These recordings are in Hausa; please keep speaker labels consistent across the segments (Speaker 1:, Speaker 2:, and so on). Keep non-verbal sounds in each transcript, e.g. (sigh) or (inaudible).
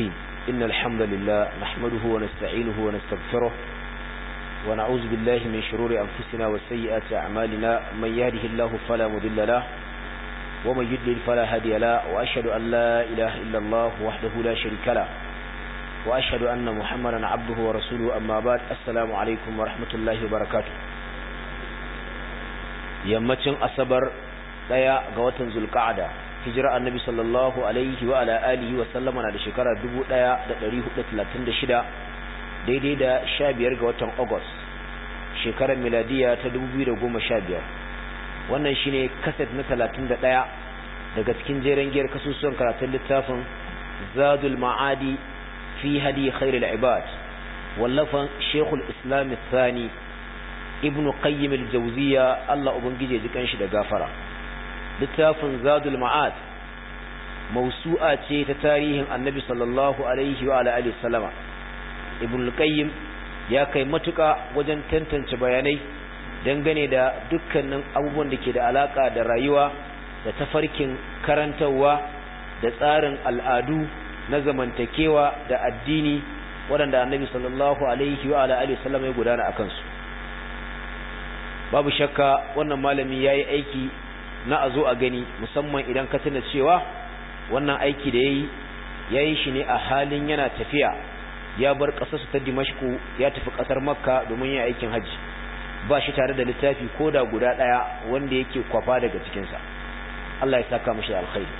Speaker 1: الرحيم إن الحمد لله نحمده ونستعينه ونستغفره ونعوذ بالله من شرور أنفسنا وسيئات أعمالنا من يهده الله فلا مذل له ومن يدلل فلا هدي له وأشهد أن لا إله إلا الله وحده لا شريك له وأشهد أن محمدا عبده ورسوله أما بعد السلام عليكم ورحمة الله وبركاته يمتن أصبر ليا قوة ذو القعدة hijira annabi sallallahu alaihi wa ala alihi wa sallama na da shekara 1436 daidai da 15 ga watan August shekarar miladiya ta 2015 wannan shine kaset na 31 daga cikin jeren giyar kasusuwan karatun littafin Zadul Ma'adi fi hadi khairul ibad wallafan shekul Islam Thani Ibn Qayyim al-Jawziyya Allah ubangije jikan shi da gafara littafin zadul ma'ad mausu'a ce ta tarihin annabi sallallahu alaihi wa alihi sallama ibn qayyim ya kai matuƙa wajen tantance bayanai dangane da dukkanin abubuwan da ke da alaka da rayuwa da tafarkin karantarwa da tsarin al'adu na zamantakewa da addini waɗanda annabi sallallahu alaihi wa alihi sallama ya gudana akan su babu shakka wannan malami yayi aiki na a zo a gani musamman idan ka tuna cewa wannan aiki da ya yi ya yi shi ne a halin yana tafiya ya bar su ta dimashku ya tafi ƙasar makka domin ya aikin hajji ba shi tare da littafi ko da guda ɗaya wanda yake kwafa daga cikinsa allah ya saka mashi alkhairi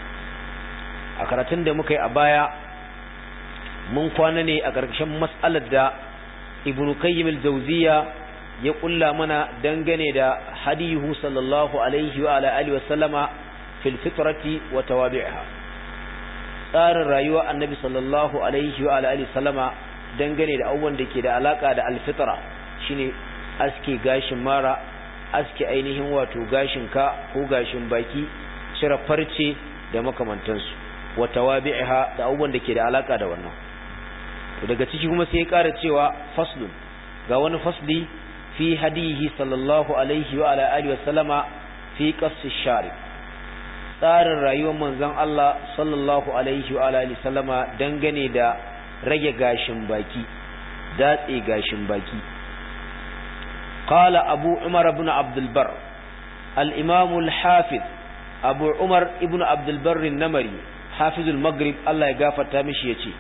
Speaker 1: a karatun da muka yi a baya mun kwana ne a ƙarƙashin matsalar da ibn kayyim al-jawziya ya kulla mana dangane da hadihu sallallahu alaihi wa ala alihi wa sallama fil fitrati wa tawabi'ha tsarin rayuwa annabi sallallahu alaihi wa ala alihi sallama dangane da abubuwan da ke da alaka da alfitra shine aske gashin mara aske ainihin wato gashin ka ko gashin baki cire farce da makamantansu wa tawabi'ha da abubuwan da ke da alaka da wannan daga ciki kuma sai ya ƙara cewa faslun ga wani fasli fi hadihi sallallahu alaihi wa ala alihi wa sallama fi qassi sharib tsarin rayuwar manzon Allah sallallahu alaihi wa ala alihi sallama dangane da rage gashin baki datse gashin baki qala abu umar ibn abdul bar al imam al hafiz abu umar ibn abdul bar namari hafiz al maghrib Allah ya gafarta mishi ce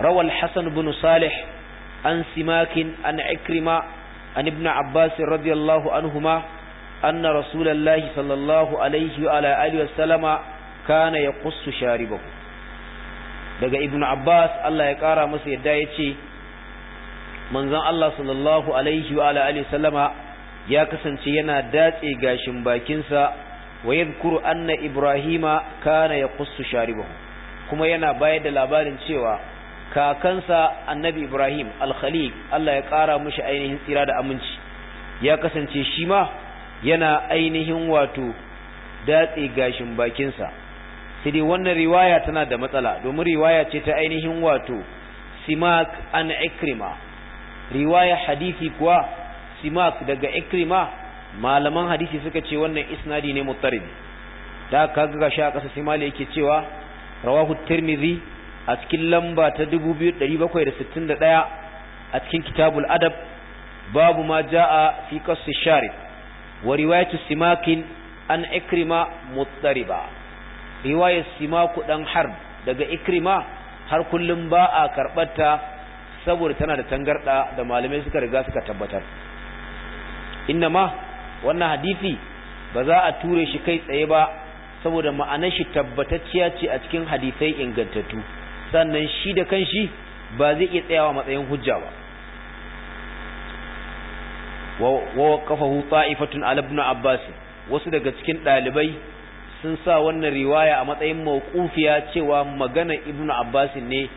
Speaker 1: rawal hasan ibn salih an simakin an ikrima an ibn abbas radiyallahu anhuma anna rasulullahi sallallahu alaihi wa ala alihi wa sallama kana yaqussu sharibahu daga ibn abbas Allah ya kara masa yadda yace manzon Allah sallallahu alaihi wa alihi sallama ya kasance yana datse gashin bakinsa wa yadhkuru anna ibrahima kana yaqussu sharibahu kuma yana bayar da labarin cewa kakansa annabi ibrahim alkhaliq Allah ya kara mushi ainihin tsira da aminci ya kasance shi ma yana ainihin wato datse gashin bakinsa sai dai wannan riwaya tana da matsala domin riwaya ce ta ainihin wato simak an ikrima riwaya hadisi kuwa simak daga ikrima malaman hadisi suka ce wannan isnadi ne mutarib da kaga gashi a ƙasa Simali yake cewa rawahu tirmidhi a cikin lamba ta 2761 a cikin kitabul adab babu ma jaa fi qassi sharif wa riwayatu simakin an ikrima muttariba riwayat simaku dan harb daga ikrima har kullum ba a karɓarta saboda tana da tangarɗa da malamai suka riga suka tabbatar ma wannan hadisi ba za a ture shi kai tsaye ba saboda ma'anar shi tabbatacciya ce a cikin hadisai ingantattu sannan shi da kanshi ba zai iya tsayawa matsayin hujja ba wa waqafahu ta'ifatun ala abbas wasu daga cikin dalibai sun sa wannan riwaya a matsayin mawqufiya cewa magana ibnu abbas ne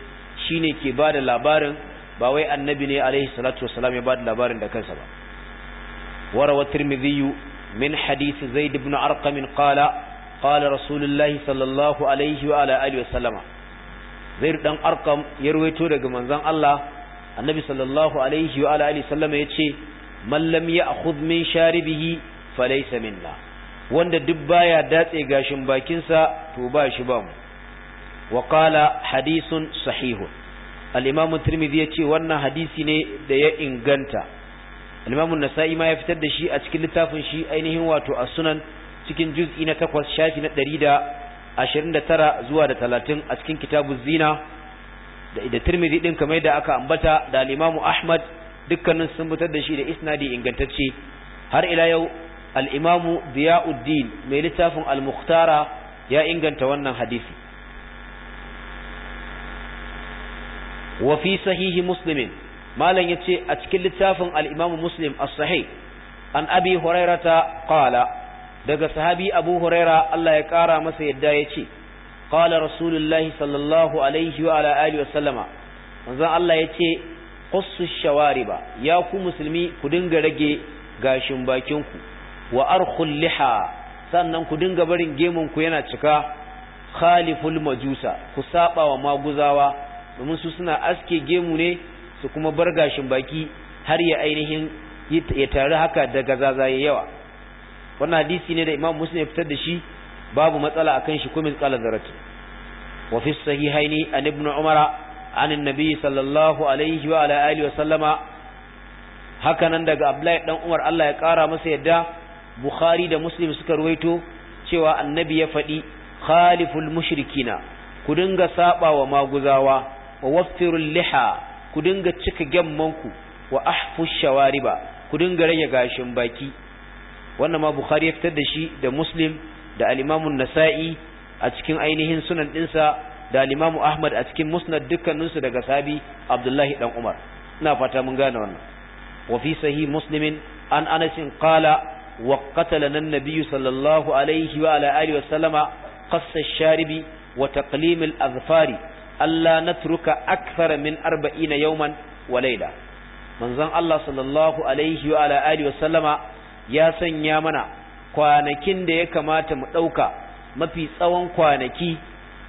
Speaker 1: shine ke bada labarin ba wai annabi ne alaihi salatu wassalam ya bada labarin da kansa ba warawa tirmidhi min hadith zaid ibn arqam qala qala rasulullahi sallallahu alaihi wa ala alihi zair dan arkam ya ruwaito daga manzon Allah annabi sallallahu alaihi wa alihi sallama yace man lam ya'khudh min sharibihi falaysa minna wanda duk baya datse gashin bakinsa to ba shi ba mu wa qala hadithun sahihun al-imam tirmidhi yace wannan hadisi ne da ya inganta al-imam an-nasa'i ma ya fitar da shi a cikin littafin shi ainihin wato as-sunan cikin juz'i na 8 shafi na ashirin da tara zuwa da talatin a cikin kitabun zina da tirmidhi din kamar da aka ambata da alimamu ahmad dukkanin sun fitar da shi da isnadi ingantacce har ila yau al'imamu diya'uddin mai littafin al ya inganta wannan hadisi wa fi sahihi muslimin malam ce a cikin littafin al-imamu muslim as-sahih an abi hurairata qala daga sahabi abu huraira Allah ya ƙara masa yadda ya ce ƙala rasulullahi sallallahu alaihi wa ala alihi wasallama wanzan Allah ya ce shawari shawariba ya ku musulmi ku dinga rage gashin bakinku wa arkhul liha sannan ku dinga barin gemunku yana cika khaliful majusa ku saba wa maguzawa domin su suna aske gemu ne su kuma bar gashin baki har ya ainihin ya tare haka daga zazaye yawa wannan hadisi ne da imam muslim ya fitar da shi babu matsala a kan shi kuma qala zarati wa fi sahihaini an ibn umara an annabi sallallahu alaihi wa ala alihi wa sallama haka nan daga abdullahi dan umar Allah ya kara masa yadda bukhari da muslim suka ruwaito cewa annabi ya faɗi khaliful mushrikina ku dinga saba wa maguzawa wa waffirul liha ku dinga cika gyammanku wa ahfush shawariba ku dinga rage gashin baki wannan ma bukhari ya fitar da shi da muslim da alimamun nasa'i a cikin ainihin sunan ɗinsa da alimamu ahmad a cikin musnad dukkaninsu daga sabi abdullahi dan umar ina fata mun gane wannan wa fi muslimin an anasin qala wa qatala nan nabiyyu sallallahu alaihi wa ala alihi wa sallama qassa sharibi wa taqlim al azfari alla natruka akthara min 40 yawman wa layla manzon Allah sallallahu alaihi wa ala alihi wa sallama ya sanya mana kwanakin da ya kamata mu ɗauka mafi tsawon kwanaki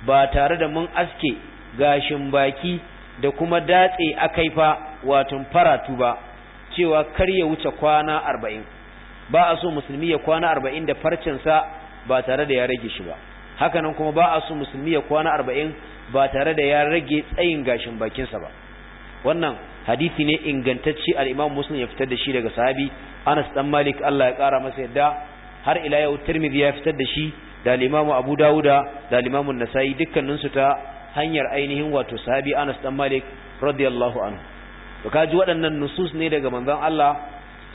Speaker 1: ba tare da mun aske gashin baki da kuma datse akaifa watan faratu ba cewa kar ya wuce kwana arba'in ba a so musulmi ya kwana arba'in da farcinsa ba tare da ya rage shi ba hakanan kuma ba a so musulmi ya kwana arba'in ba tare da ya rage tsayin gashin bakinsa ba wannan hadisi ne ingantacce al-Imam Muslim ya fitar da shi daga sahabi Anas dan Malik Allah ya kara masa yadda har ila yau Tirmidhi ya fitar da shi da al-Imam Abu Dawud da al-Imam An-Nasa'i dukkanin su ta hanyar ainihin wato sahabi Anas dan Malik radiyallahu anhu to kaji waɗannan nusus ne daga manzon Allah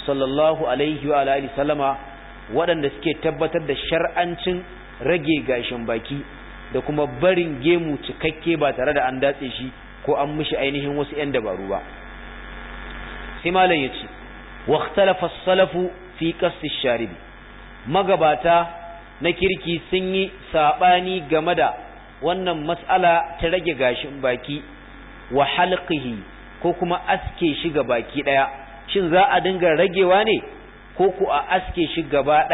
Speaker 1: sallallahu alaihi wa alihi sallama waɗanda suke tabbatar da shar'ancin rage gashin baki da kuma barin gemu cikakke ba tare da an datse shi ko an mishi ainihin wasu 'yan dabaru ba sai malam yace wa salafu fi qasd sharibi magabata na kirki sun yi saɓani game da wannan matsala ta rage gashin baki wa halqihi ko kuma aske shi ga baki ɗaya, shin za a dinga ragewa ne ko ku a aske shi gaba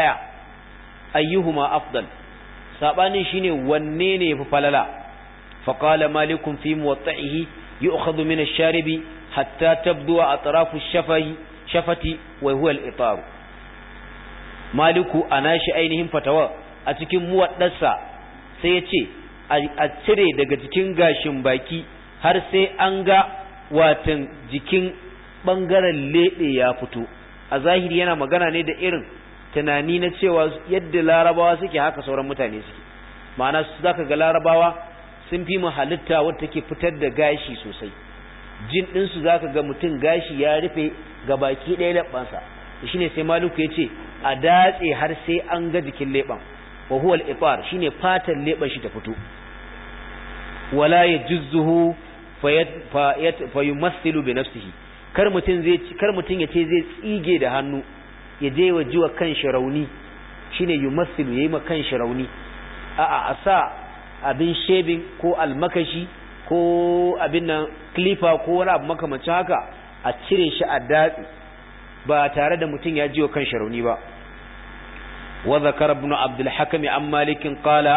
Speaker 1: ayyuhu ma afdal shi shine wanne ne ya fi falala faƙala malikun fi muwatta'ihi yi min sharibi hatta tabdu atrafu shafai shafati wa huwa al-itar maliku anashi ainihin fatawa a cikin muwaddarsa sai ya ce a cire daga cikin gashin baki har sai an ga watan jikin bangaren leɗe ya fito a zahiri yana magana ne da irin tunani na cewa yadda larabawa suke haka sauran mutane suke ma'ana su zaka ga larabawa sun fi halitta wadda take fitar da gashi sosai jin ɗinsu za ka ga mutum gashi ya rufe ga baki ɗaya leɓansa shi ne sai maluku ya ce a datse har sai an ga jikin leɓen wa huwa al'ifar shi ne fatan leɓen shi ta fito wala ya juzzuhu fa yumassilu bi nafsihi kar mutum zai kar mutum ya ce zai tsige da hannu ya je wa jiwa kan shi rauni shine yumassilu yayi ma kan shi rauni a'a a sa abin shebin ko almakashi ko abin nan klifa ko wani abu makamacin haka a cire shi a datsi ba tare da mutum ya jiwa kan sharuni ba wa zakar ibn abdul hakim an malikin qala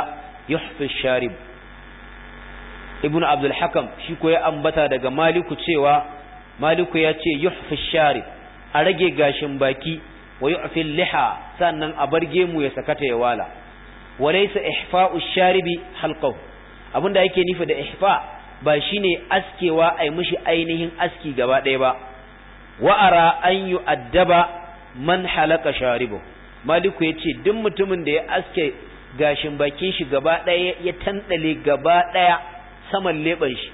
Speaker 1: yuhfi sharib ibn abdul hakim shi ko ya ambata daga maliku cewa maliku ya ce yuhfi sharib a rage gashin baki wa yu'fi liha sannan a barge mu ya sakata ya wala laysa ihfa'u sharibi halqahu abinda yake nufi da ihfa ba shi ne askewa ai mishi ainihin aski gaba ɗaya ba wa'ara an yi addaba man halaka sharibu maliku ya ce duk mutumin da ya aske gashin bakin shi gaba ɗaya ya tanɗale gaba ɗaya saman leɓen shi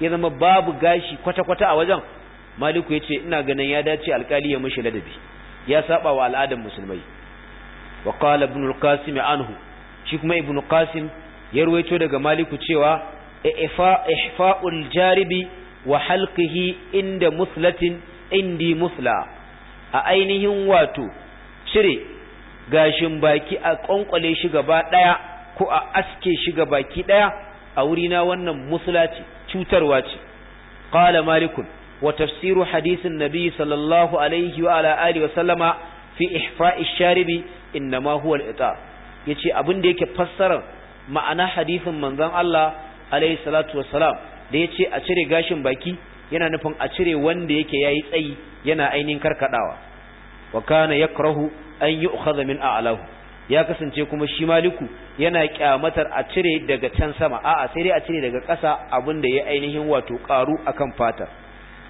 Speaker 1: ya zama babu gashi kwata-kwata a wajen maliku ya ce ina ganin ya dace alkali ya mishi ladabi ya saba wa al'adar musulmai wa qala ibn al-qasim anhu shi kuma ibn qasim ya ruwaito daga maliku cewa ihfa'ul jaribi wa halqihi inda muslatin indi musla a ainihin wato cire gashin baki a ƙwanƙwale shi gaba ɗaya ko a aske shi gaba baki ɗaya a wuri na wannan musla ce cutarwa ce qala malikun wa tafsiru hadisin nabi sallallahu alaihi wa ala alihi wa sallama fi ihfa'i sharibi innama huwa al-ita yace abin da yake fassara ma'ana hadisin manzon Allah alaihi salatu wassalam da yace a cire gashin baki yana nufin a cire wanda yake yayi tsayi yana ainihin karkadawa wa kana yakrahu an yu'khadha min a'lahu ya kasance kuma shi maliku yana kyamatar a cire daga can sama a'a sai dai a cire daga ƙasa abinda da ya ainihin wato karu akan fata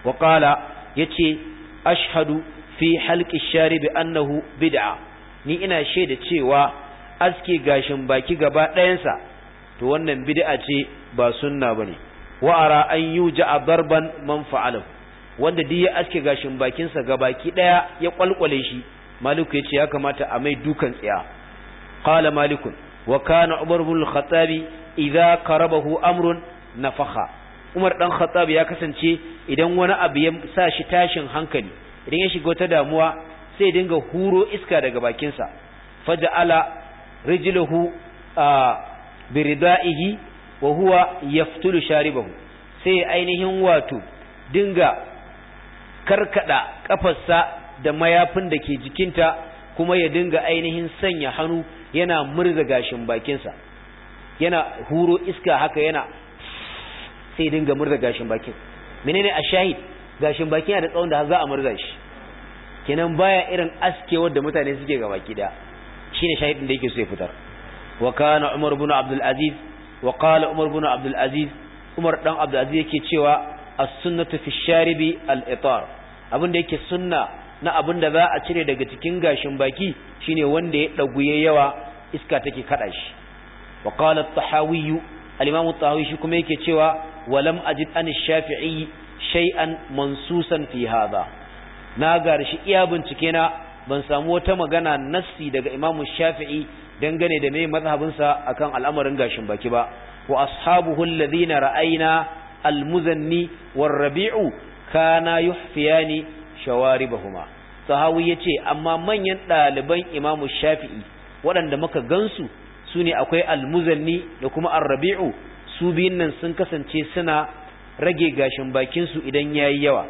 Speaker 1: wa qala yace ashhadu fi halqi sharib annahu bid'a ni ina shaida cewa aske gashin baki gaba ɗayansa to wannan bid'a ce ba sunna bane wa ara an yuja barban man fa'alahu wanda duk ya aske gashin bakinsa sa baki daya ya kwalkwale shi maliku ce ya kamata a mai dukan tsaya qala malikun wa kana umar ibn al-khattabi idza qarabahu amrun nafakha umar dan khattab ya kasance idan wani abu ya sa shi tashin hankali idan ya shiga wata damuwa sai dinga huro iska daga bakinsa. sa faja'ala rijluhu birida'ihi wa huwa yaftulu sharibahu sai ainihin wato dinga karkada kafarsa da mayafin da ke jikinta kuma ya dinga ainihin sanya hannu yana murza gashin bakinsa yana huro iska haka yana sai dinga murza gashin bakin menene a shahid gashin bakin yana da tsawon da za a murza shi kenan baya irin askewar da mutane suke ga baki daya shine shahidin da yake so ya fitar wa kana umar ibn abdul aziz wa qala umar ibn abdul aziz umar dan abdul aziz yake cewa as-sunnatu fi sharibi al-itar abin da yake sunna na abin da za a cire daga cikin gashin baki shine wanda ya daguye yawa iska take kada shi wa qala at-tahawi al-imam shi kuma yake cewa wa lam ajid an shafii shay'an mansusan fi hadha na garshi iya bincike na ban samu wata magana nassi daga imamu shafi'i dangane da mai mazhabinsa akan al'amarin gashin baki ba wa ashabuhu alladhina ra'ayna almuzanni warrabi'u kana yuhfiyani shawaribahuma sahawi yace amma manyan daliban imamu shafi'i waɗanda muka gansu su ne akwai almuzanni da kuma arrabi'u su biyun nan sun kasance suna rage gashin bakinsu idan yayi yawa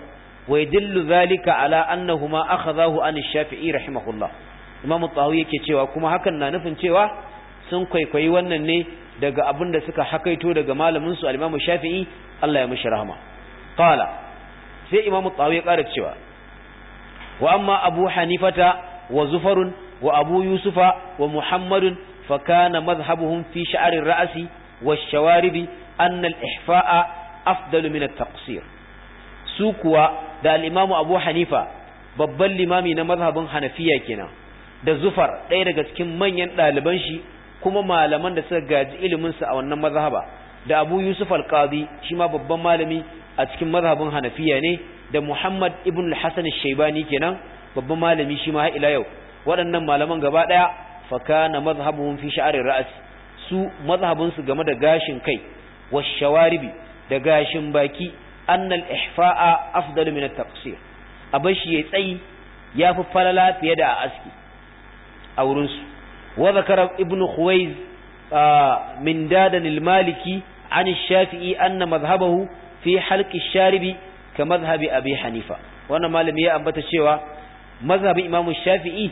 Speaker 1: wa yadullu zalika ala annahuma akhadahu an shafi'i rahimahullah imamu tsawi yake cewa kuma hakan na nufin cewa sun kwaikwayi wannan ne daga abin da suka hakaito daga malamin su al shafi'i Allah ya mishi rahama qala sai imamu tsawi ya ƙara cewa wa amma abu hanifata wa zufarun wa abu yusufa wa muhammadun fa kana madhhabuhum fi sha'ri ra'si wash-shawarib anna al-ihfa'a afdalu min at-taqsir su kuwa da al abu hanifa babban limami na mazhabin hanafiya kenan da zufar ɗaya daga cikin manyan ɗaliban shi kuma malaman da suka gaji iliminsa a wannan mazhaba da abu yusuf alƙazi shi ma babban malami a cikin mazhabin hanafiya ne da muhammad ibn al-hasan shaibani kenan babban malami shi ma ila yau waɗannan malaman gaba ɗaya fakana mazhabuhum fi sha'arir ra'as su mazhabun su game da gashin kai shawaribi da gashin baki annal ihfa'a afdalu min at-taqsir abashi yayi tsayi yafi falala fiye da a aski a wurinsu wa zakara ibnu khuwaiz min dadan maliki an shafi'i anna mazhabahu fi halqi sharibi ka mazhabi abi hanifa wannan malami ya ambata cewa mazhabin Imam shafi'i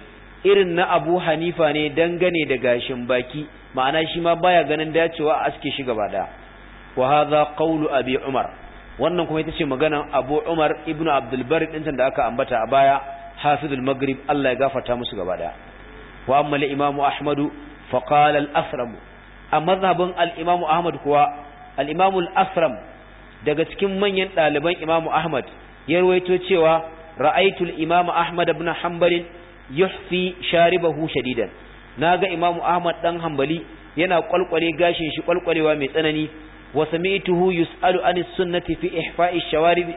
Speaker 1: irin na abu hanifa ne dangane da gashin baki ma'ana shi ma baya ganin dacewa a aske shi gaba daya wa hadha qawlu abi umar wannan kuma ita ce maganan abu umar ibnu abdul bari din da aka ambata a baya hafizul maghrib Allah ya gafarta musu gaba daya wa amma imamu ahmadu fa qala a mazhabin al ahmad kuwa al al-asram daga cikin manyan ɗaliban imamu ahmad ya rawaito cewa ra'aytu al-imamu ahmad ibn hanbal yuhfi sharibahu Na ga imamu ahmad ɗan hambali, yana ƙwalkwale gashin shi kwalkwalewa mai tsanani wa sami'tuhu yus'alu an sunnati fi ihfa'i shawarib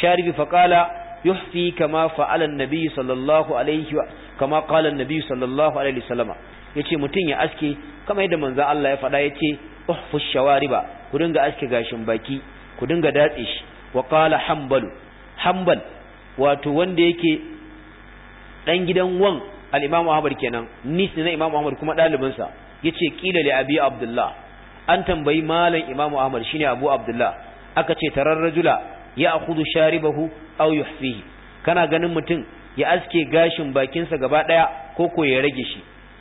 Speaker 1: sharibi faqala yuhsi kama fa'ala annabi sallallahu alaihi wa kama qala annabi sallallahu alaihi wasallama yace mutun ya aske kama yadda manzo Allah ya faɗa yace uhfu shawariba ku dinga aske gashin baki ku dinga datse shi wa qala hanbalu hanbal wato wanda yake dan gidan wan al-Imam Ahmad kenan nis ne na Imam Ahmad kuma dalibin sa yace qila li abi Abdullah an tambayi malam Imam Ahmad shine Abu Abdullah aka ce tararrajula ya akhudhu sharibahu aw yuhfihi kana ganin mutum ya aske gashin bakinsa gaba ɗaya ko ko ya rage shi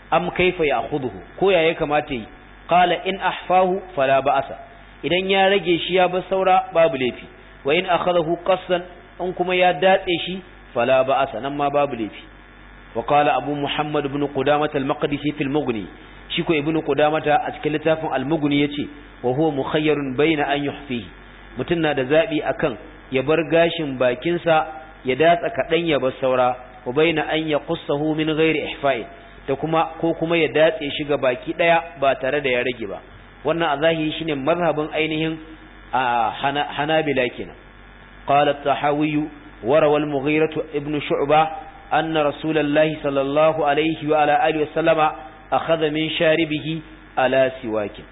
Speaker 1: am kaifa ya akhudhu ko ya ya kamata yi kala in ahfahu fala ba'asa idan ya rage shi ya bar saura babu laifi wa in akhadahu qassan an kuma ya datse shi fala ba'asa nan ma babu laifi wa qala abu muhammad ibn qudamah al-maqdisi fil mughni shi ko ibn qudamah a cikin littafin al-mughni yace wa huwa mukhayyarun bayna an yuhfihi mutum na da zaɓi akan ya bar gashin bakinsa ya datsa kaɗan ya bar saura wa baina an ya kusa min gairi ihfa'i da kuma ko kuma ya datse shi ga baki ɗaya ba tare da ya rage ba wannan a zahiri shine mazhabin ainihin a Hanabila kenan qala at-tahawi wa rawal mughira ibn shu'ba anna rasulullahi sallallahu alaihi wa ala alihi wasallama akhadha min sharibihi ala siwakin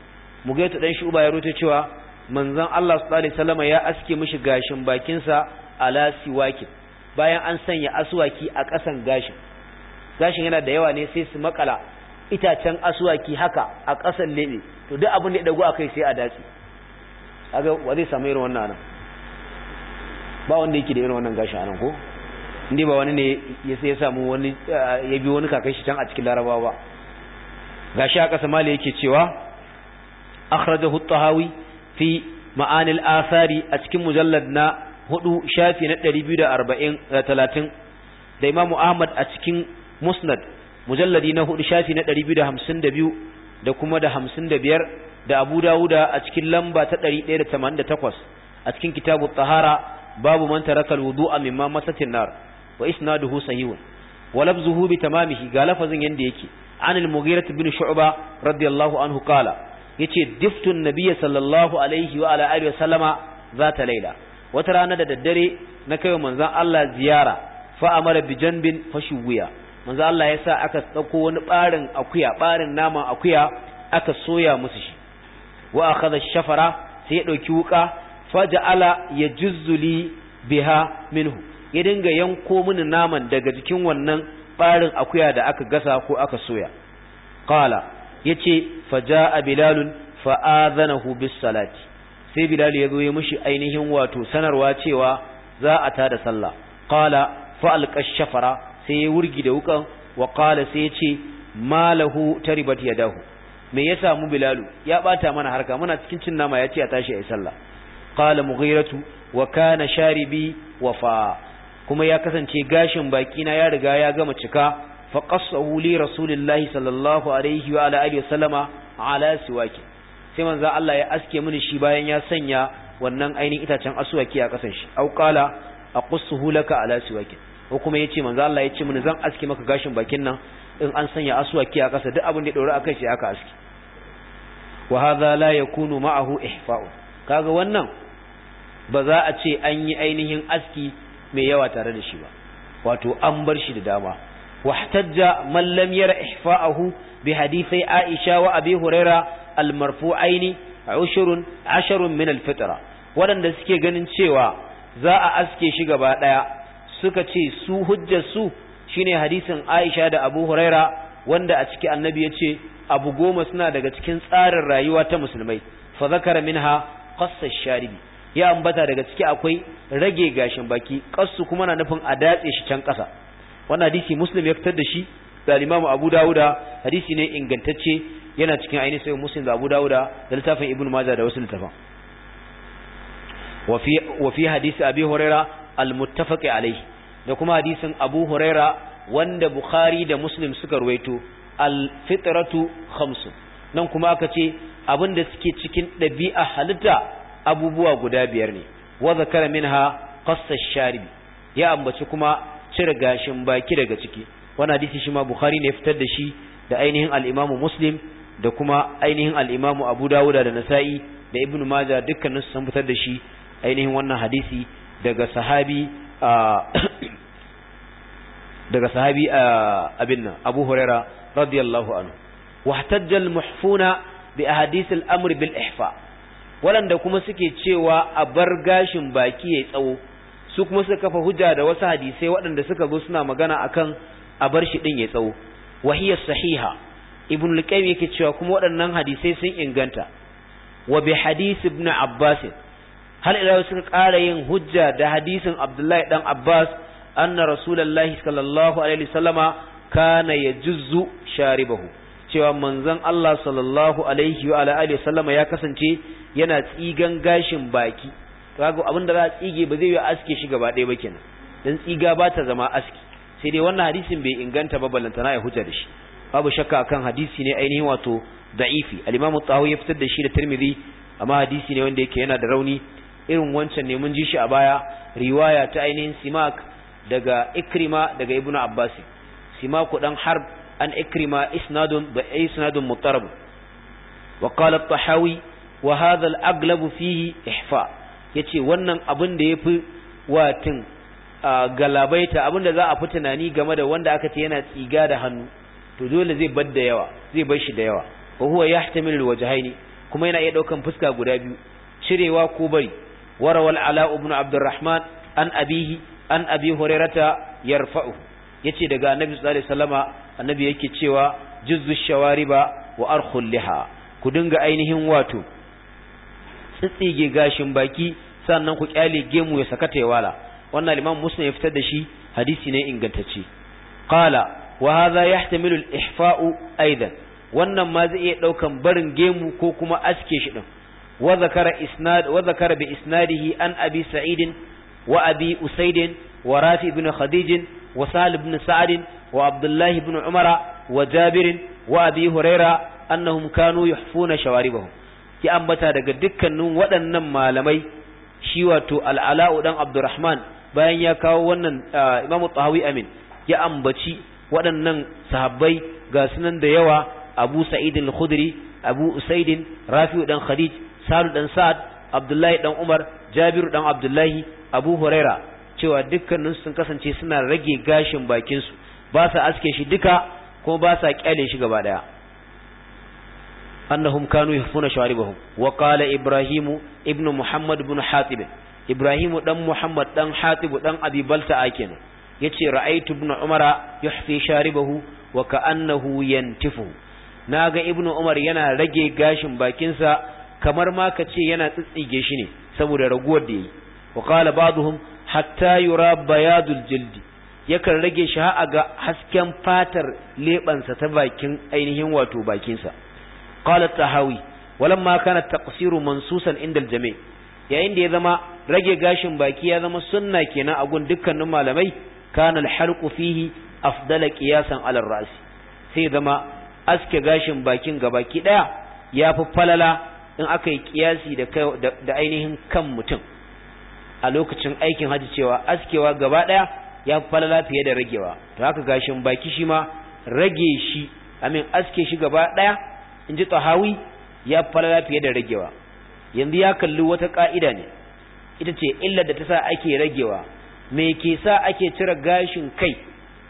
Speaker 1: mughira dan shu'ba ya rubuta cewa manzon Allah sallallahu alaihi wasallam ya aske mishi gashin bakinsa ala siwakin bayan an sanya aswaki a ƙasan gashin gashin yana da yawa ne sai su makala itacen aswaki haka a ƙasan lebe to duk abin da ya dago akai sai a dace kaga wa zai samu irin wannan nan ba wanda yake da irin wannan gashin anan ko inda ba wani ne ya sai ya samu wani eh, ya bi wani kakai shi can a cikin larabawa ba gashi a ƙasa mali yake cewa akhrajahu at-tahawi fi ma'anil asari a cikin mujallad na hudu shafi na ɗari biyu da arba'in eh, da da talatin imamu ahmad a cikin musnad mujalladi na hudu shafi na ɗari biyu da hamsin da da biyu kuma da hamsin da biyar da abu dawuda a cikin lamba ta ɗari ɗaya da da tamanin takwas a cikin kitabu tsahara babu man tarakal wudu'a mimma masatin nar wa isnaduhu sahihun walab lafzuhu bi tamamihi ga lafazin yanda yake an al-mughirah bin shu'ba radiyallahu anhu qala yace diftun nabiyyi sallallahu alaihi wa ala alihi za zata laila wata rana da daddare na kai manzon Allah ziyara fa amara bi janbin wuya. manzon Allah yasa aka dauko wani barin akuya barin naman akuya aka soya musu shi wa akhadha shafara sai ya dauki wuka ya yajzuli biha minhu ya dinga yanko mini naman daga jikin wannan barin akuya da aka gasa ko aka soya qala yace faja'a bilalun fa'adhanahu bis salati sai bilal ya zo ya mishi ainihin wato sanarwa cewa za a da sallah qala fa alqash shafara sai ya wurgi da wukan wa qala sai ce malahu taribat yadahu me ya samu bilalu ya bata mana harka muna cikin cin nama yace a tashi ayi sallah qala mughiratu wa kana sharibi fa kuma ya kasance gashin baki na ya riga ya gama cika faqassahu li rasulillahi sallallahu alaihi wa ala alihi wasallama ala siwaki sai manzo Allah ya aske mini shi bayan ya sanya wannan ainihin itacen aswaki a kasan shi au qala aqussuhu laka ala siwaki ko kuma yace manzo Allah ya ce mini zan aske maka gashin bakin nan in an sanya aswaki a kasa duk abin da dora akai shi aka aske wa hadha la yakunu ma'ahu ihfa'u kaga wannan ba za a ce an yi ainihin aski mai yawa tare da shi ba wato an bar shi da dama واحتج من لم ير إحفاءه بحديث عائشة وأبي هريرة المرفوعين عشر عشر من الفطرة waɗanda suke ganin cewa za a aske shi gaba ɗaya suka ce su su shine hadisin Aisha da Abu Huraira wanda a ciki annabi ya ce abu goma suna daga cikin tsarin rayuwa ta musulmai fa zakara minha qassa sharibi ya ambata daga ciki akwai rage gashin baki qassu kuma na nufin a datse shi can ƙasa wannan hadisi muslim ya fitar da shi da imamu abu dawuda hadisi ne ingantacce yana cikin ainihin sayin muslim da abu dawuda da littafin ibn maja da wasu littafan wa fi hadisi abi huraira almuttafaqi alaihi da kuma hadisin abu huraira wanda bukhari da muslim suka ruwaito alfitratu khamsu nan kuma aka ce abin da suke cikin ɗabi'a halitta abubuwa guda biyar ne wa zakara minha qassa sharibi ya ambaci kuma cire gashin baki daga ciki wannan hadisi shi ma bukhari ne fitar da shi da ainihin al-imamu muslim da kuma ainihin al-imamu abu dawuda da nasa'i da ibn majah dukkanin sun fitar da shi ainihin wannan hadisi daga sahabi (coughs) daga sahabi abin nan abu huraira radiyallahu anhu wahtajja al-muhfuna bi ahadith al-amr bil ihfa walanda kuma suke cewa a bar gashin baki yayi tsawo su kuma suka kafa hujja da wasu hadisai waɗanda suka zo suna magana akan a bar shi ɗin ya tsawo wahiyar sahiha ibn al yake cewa kuma waɗannan hadisai sun inganta wa bi hadis ibn abbas har ila suka ƙara yin hujja da hadisin abdullahi dan abbas anna rasulullahi sallallahu alaihi wasallama kana yajuzzu sharibahu cewa manzon Allah sallallahu alaihi wa alihi wasallama ya kasance yana tsigan gashin baki kaga abin da za a tsige ba zai yi aske shi gaba ɗaya ba kenan dan tsiga ba ta zama aski sai dai wannan hadisin bai inganta ba ballantana ya huta da shi babu shakka akan hadisi ne ainihin wato da'ifi al-imamu tahawi ya fitar da shi da tirmidhi amma hadisi ne wanda yake yana da rauni irin wancan ne mun ji shi a baya riwaya ta ainihin simak daga ikrima daga ibnu abbas simaku dan harb an ikrima isnadun da isnadun mutarab wa qala at-tahawi wa hadha fihi ihfa' Ya ce wannan abin da ya yafi watin galabaita abin da za a fi tunani game da wanda aka ce yana tsiga da hannu to dole zai bar da yawa zai bar shi da yawa wa huwa yahtamilu wajhaini kuma yana iya daukan fuska guda biyu cirewa ko bari warawal ala ibn abdurrahman an abihi an abi hurairata yarfa'u yace daga annabi sallallahu alaihi wasallama annabi yake cewa juzzu shawariba wa arkhul liha ku dinga ainihin wato tsitsige gashin baki sannan ku kyale gemu ya sakata ya wala wannan imam muslim ya fitar da shi hadisi ne ingantacce qala wa hadha yahtamilu al-ihfa'u aidan wannan ma zai iya daukan barin gemu ko kuma aske shi din wa zakara isnad wa zakara bi isnadihi an abi sa'id wa abi usayd wa rafi ibn khadij wa sal ibn sa'd wa abdullah ibn umara wa jabir wa abi huraira annahum kanu yuhfuna shawaribahum ki ambata daga dukkanin waɗannan malamai shi wato al'ala'u dan abdurrahman bayan ya kawo wannan imamu tahawi amin ya ambaci waɗannan sahabbai ga sunan da yawa abu sa'id al-khudri abu usaidin rafi'u ɗan khadij salu ɗan sa'ad abdullahi ɗan umar jabiru ɗan abdullahi abu huraira cewa dukkanin sun kasance suna rage gashin bakinsu su ba sa aske shi duka kuma ba sa kyale shi gaba daya annahum kanu yafuna sharibahum wa qala ibrahimu ibnu muhammad ibn hatib ibrahimu dan muhammad dan hatib dan abi balta akenan yace ra'aytu ibn umara yahfi sharibahu wa ka'annahu yantifu naga ibnu umar yana rage gashin bakinsa kamar ma kace yana tsitsige shi ne saboda raguwar da yi wa qala ba'dhum hatta yura bayadul jildi yakan rage shi a ga hasken fatar lebansa ta bakin ainihin wato bakinsa qala tahawi walamma kana taqsiru mansusan inda aljami yayin da ya zama rage gashin baki ya zama sunna kenan a gun dukkanin malamai kana alhalqu fihi afdala qiyasan ala ar-ra's sai zama aske gashin bakin gabaki daya yafi falala in aka yi kiyasi da da ainihin kan mutum a lokacin aikin haji cewa askewa gaba daya ya falala fiye da ragewa to haka gashin baki shi ma rage shi amin aske shi gaba daya in ji tahawi ya falala fiye da ragewa yanzu ya kalli wata ƙa'ida ne ita ce illar da ta sa ake ragewa me ke sa ake cire gashin kai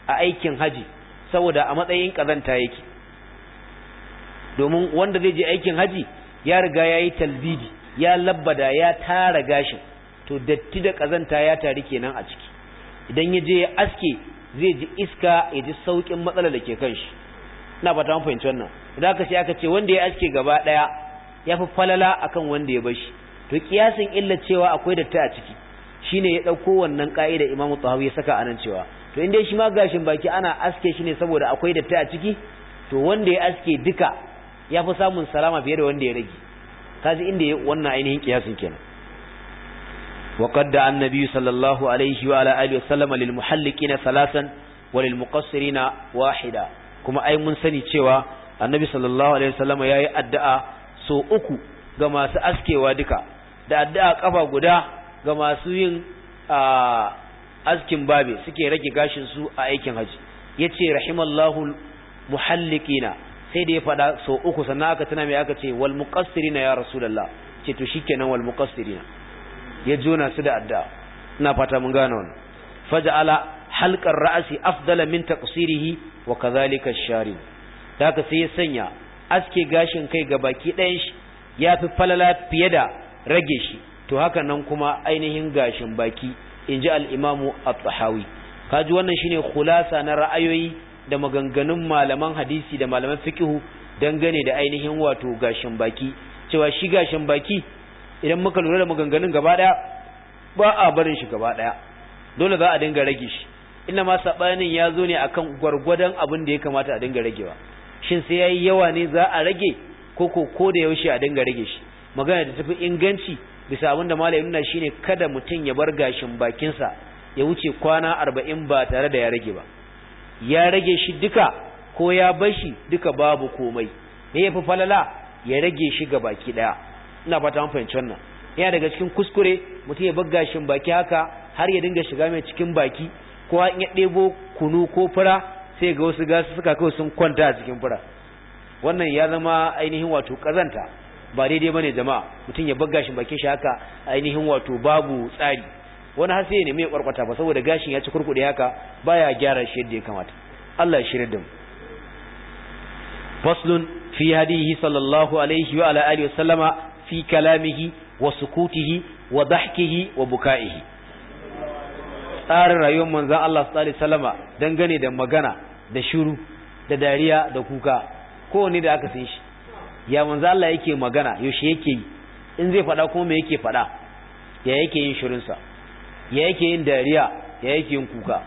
Speaker 1: a aikin haji saboda a matsayin kazanta yake domin wanda zai je aikin haji ya riga ya yi talbidi ya labbada ya tara gashin to datti da kazanta ya tari kenan a ciki idan ya je ya aske zai ji iska ya ji sauƙin matsalar da ke kan shi ina ba ta fahimci wannan idan aka ce aka ce wanda ya aske gaba daya ya fi falala akan wanda ya bashi to kiyasin illa cewa akwai datti a ciki shine ya dauko wannan ka'ida Imam Tahawi ya saka anan cewa to in shi ma gashin baki ana aske shi ne saboda akwai datti a ciki to wanda ya aske duka ya fi samun salama fiye da wanda ya rage kaji inda wannan ainihin kiyasin kenan وقد دعا النبي صلى الله عليه وعلى آله وسلم للمحلقين ثلاثا وللمقصرين wahida. kuma ai mun sani cewa annabi sallallahu alaihi wasallam yayi addu'a so uku ga masu askewa duka da addu'a kafa guda ga masu yin askin babe suke rage gashin su a aikin haji yace rahimallahu muhallikina sai da ya fada so uku sannan aka tana mai aka ce wal muqassirina ya rasulullah ce to shikenan wal muqassirina ya jona su da addu'a ina fata mun gane wannan faja'ala halqar ra'si afdala min taqsirihi wa kazalika shari'u da haka sai ya sanya aske gashin kai ga baki ɗayan shi ya fi falala fiye da rage shi to haka nan kuma ainihin gashin baki in ji al'imamu at-tahawi kaji wannan shine khulasa na ra'ayoyi da maganganun malaman hadisi da malaman fikihu dangane da ainihin wato gashin baki cewa shi gashin baki idan muka lura da maganganun gaba daya ba a barin shi gaba daya dole za a dinga rage shi inna ma sabanin ya zo ne akan gwargwadon abin da ya kamata a dinga ragewa shin sai yayi yawa ne za a rage ko ko ko da yaushe a dinga rage shi magana da tafi inganci bisa abin da malamin nuna shine kada mutum ya bar gashin bakinsa ya wuce kwana arba'in ba tare da ya rage ba ya rage shi duka ko ya bar shi duka babu komai me yafi falala ya rage shi ga baki daya ina fata mun fahimci wannan yana daga cikin kuskure mutum ya bar gashin baki haka har ya dinga shiga mai cikin baki ko in ya ɗebo kunu ko fura sai ga wasu gasu suka kawai sun kwanta a cikin fura wannan ya zama ainihin wato kazanta ba daidai bane jama'a mutum ya buga shi bakin shi haka ainihin wato babu tsari wani har sai ya nemi ya kwarkwata ba saboda gashin ya ci kurkude haka baya gyara shi yadda ya kamata Allah ya shirya da mu faslun fi hadihi sallallahu alaihi wa ala alihi wa sallama fi kalamihi wa sukutihi wa dahkihi wa buka'ihi tsarin rayuwar manzan Allah sallallahu Salama wasallama dangane da magana da shiru da dariya da kuka kowanne da aka san shi ya manzan Allah yake magana yaushe yake yi in zai faɗa kuma me yake faɗa ya yake yin shirinsa ya yake yin dariya ya yake yin kuka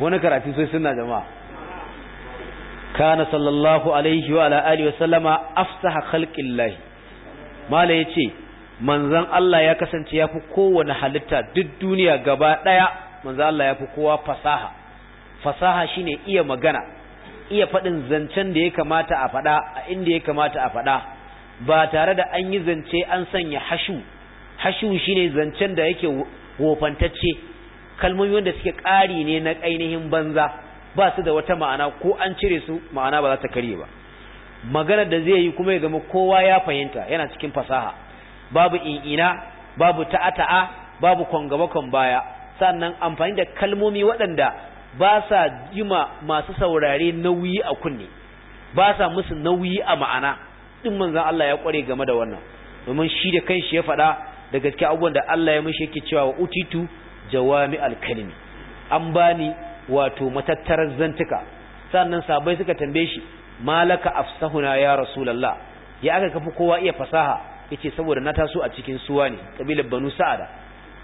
Speaker 1: wani karatu sai suna jama'a kana sallallahu alaihi wa ala alihi wa sallama afsaha khalqillahi mala yace manzan Allah ya kasance ya fi kowane halitta duk duniya gaba ɗaya manzan Allah ya fi kowa fasaha fasaha shine iya magana iya faɗin zancen da ya kamata a faɗa a inda ya kamata a faɗa ba tare da an yi zance an sanya hashu hashu shine zancen da yake wofantacce kalmomi wanda suke ƙari ne na ainihin banza ba su da wata ma'ana ko an cire su ma'ana ba za ta karye ba maganar da zai yi kuma ya zama kowa ya fahimta yana cikin fasaha babu in'ina babu ta'ata'a babu kwangabakon baya sannan amfani da kalmomi waɗanda ba sa yi ma masu saurare nauyi a kunne ba sa musu nauyi a ma'ana din manzon Allah ya kware game da wannan domin shi da kanshi ya faɗa da gaske abubuwan da Allah ya mishi yake cewa wa utitu jawami alkalimi an bani wato matattarar zantuka sannan sabai suka tambaye shi malaka afsahuna ya rasulullah ya aka kafi kowa iya fasaha yace saboda na taso a cikin suwa ne kabilar banu sa'ada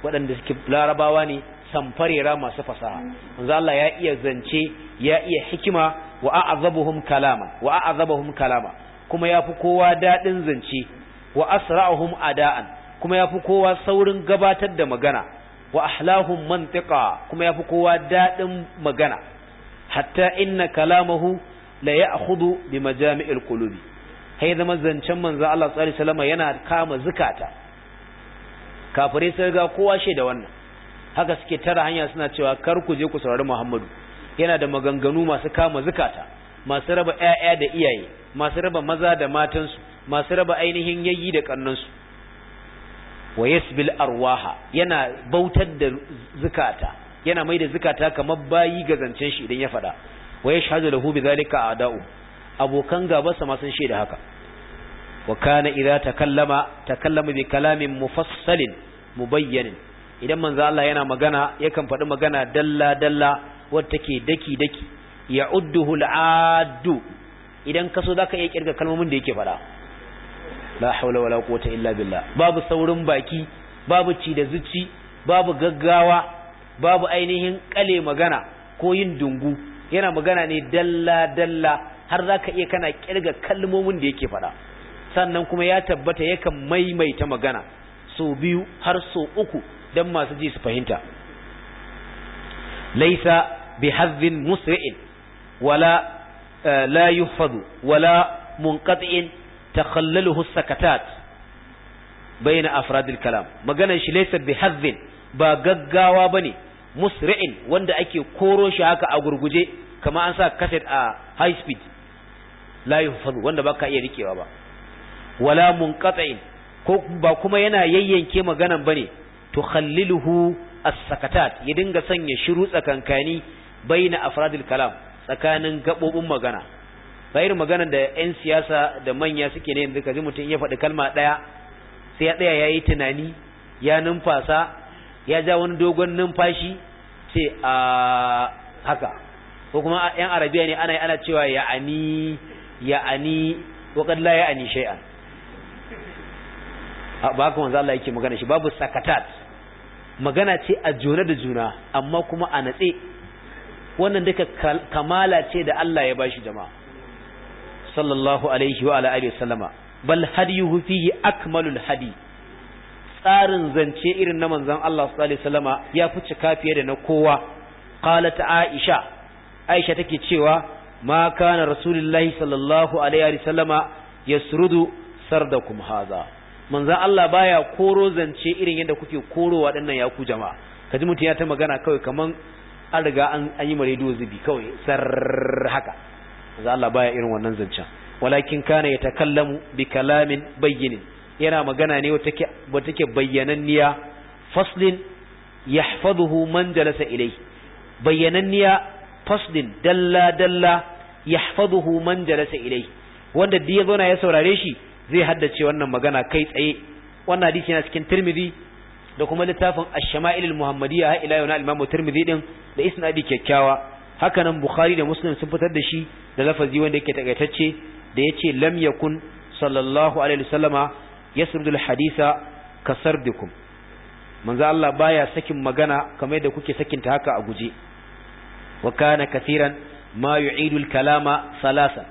Speaker 1: waɗanda suke larabawa ne samfarera masu fasaha manzo Allah ya iya zance ya iya hikima wa a'azabuhum kalama wa a'azabuhum kalama kuma yafi kowa dadin zance wa asra'uhum ada'an kuma yafi kowa saurin gabatar da magana wa ahlahum mantiqa kuma yafi kowa dadin magana hatta inna kalamahu la ya'khudhu bi majami'il qulubi hai zama zancen manzo Allah sallallahu alaihi yana kama zukata kafirai sai ga kowa da wannan haka suke tara hanya suna cewa kar ku je ku saurari Muhammadu yana da maganganu masu kama zukata masu raba ƴaƴa da iyaye masu raba maza da matansu masu raba ainihin yayyi da su wa yasbil arwaha yana bautar da zukata yana mai da zukata kamar bayi ga zancen shi idan ya faɗa wa yashhadu lahu bi zalika a'da'u abokan gabansa ma sun shaida haka wa kana idza takallama takallama bi kalamin mufassalin mubayyanin idan manzo Allah yana magana yakan faɗi magana dalla dalla wadda take daki daki ya'udduhu al'addu idan kaso zaka iya kirga kalmomin da yake faɗa la haula wala quwwata illa billah babu saurin baki babu ci da zuci babu gaggawa babu ainihin kale magana ko yin dungu yana magana ne dalla dalla har za ka iya kana kirga kalmomin da yake faɗa sannan kuma ya tabbata yakan maimaita magana sau biyu har so uku dan masu ji su fahimta laisa bi hazzin musri'in wala eh, la yuhfadu wala munqati'in takhallaluhu sakatat bayna afradil kalam maganar shi laisa bi hazzin ba gaggawa bane musri'in wanda ake koro shi haka a gurguje kamar an sa kaset a high speed la yuhfadu wanda baka iya rikewa ba wala munqata'in ko ba kuma yana yayyanke maganan bane to khalliluhu as-sakatat ya dinga sanya shiru tsakankani baina afradil kalam tsakanin gabobin magana ba irin maganar da 'yan siyasa da manya suke ne yanzu kaji mutum ya faɗi kalma ɗaya sai ya tsaya yayi tunani ya numfasa ya ja wani dogon numfashi ce a ah, haka ko kuma 'yan arabiya ne ana ana cewa ya ani ya'ani wa qad la ya'ani shay'an ba haka manzo Allah yake magana shi babu sakatat magana ce a juna da juna amma kuma a natse wannan duka kamala ce da Allah ya bashi jama'a sallallahu alaihi wa alihi wasallama bal hadiyuhu fihi akmalul hadi tsarin zance irin na manzon Allah sallallahu alaihi wasallama ya fi cika fiye da na kowa qalat aisha aisha take cewa ma kana rasulullahi sallallahu alaihi wa sallama yasrudu sardakum hadha manzo Allah baya koro zance irin yadda kuke koro waɗannan ya ku jama'a kaji mutum ya ta magana kawai kaman an riga an yi rediyo zubi kawai sar haka manzo Allah baya irin wannan zancen walakin kana yatakallamu bi kalamin bayyin yana magana ne wata take bayyananniya faslin yahfazuhu man jalasa ilayhi bayyananniya faslin dalla dalla yahfazuhu man jalasa ilai wanda duk ya zauna ya saurare shi zai haddace wannan magana kai tsaye wannan hadisi yana cikin Tirmidhi da kuma littafin Ash-Shama'il al-Muhammadiyya ha ila yana Imam Tirmidhi din da isnadi kyakkyawa haka nan Bukhari da Muslim sun fitar da shi da lafazi wanda yake takaitacce da yace lam yakun sallallahu alaihi wasallama yasrudul hadisa kasardukum manzo Allah baya sakin magana kamar yadda kuke sakinta haka a guje wa kana kathiran ma yu'idul kalama salasa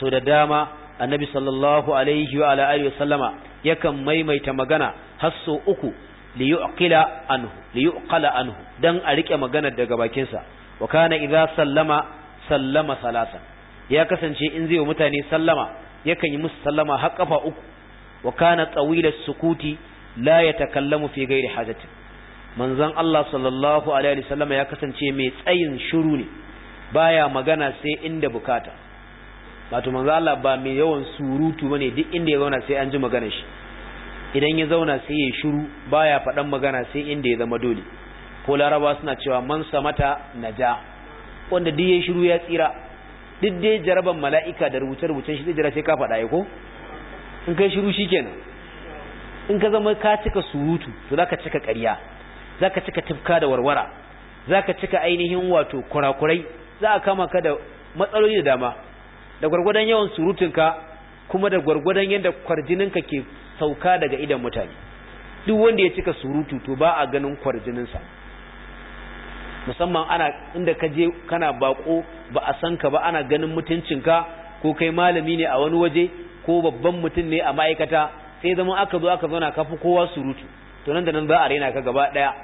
Speaker 1: so da dama annabi sallallahu alaihi wa ala alihi sallama yakan maimaita magana har so uku li yuqila anhu li yuqala anhu dan a rike magana daga bakin sa wa kana idza sallama sallama salasa ya kasance in zai wa mutane sallama yakan yi musu sallama har kafa uku wa kana tawila sukuti la yatakallamu fi ghairi hajatin manzon Allah sallallahu alaihi wa wasallam ya kasance mai tsayin shiru ne baya magana sai inda bukata wato manzo Allah ba mai yawan surutu bane duk inda ya zauna sai an ji maganar shi idan ya zauna sai ya shiru baya faɗan magana sai inda ya zama dole ko laraba suna cewa man samata naja wanda duk ya shiru ya tsira duk dai jaraban mala'ika da rubuce rubucen shi zai jira sai ka fada ai ko in kai shiru shikenan in ka zama ka cika surutu to zaka cika ƙarya zaka cika tifka da warwara zaka cika ainihin wato kurakurai za a kama ka da matsaloli da dama da gwargwadon yawan surutunka kuma da gwargwadon yadda kwarjininka ke sauka daga idan mutane duk wanda ya cika surutu to ba a ganin kwarjininsa musamman ana inda ka je kana bako ba a san ka ba ana ganin mutuncinka ko kai malami ne a wani waje ko babban mutum ne a ma'aikata sai zama aka zo aka zauna ka fi kowa surutu to nan da nan za a raina ka gaba ɗaya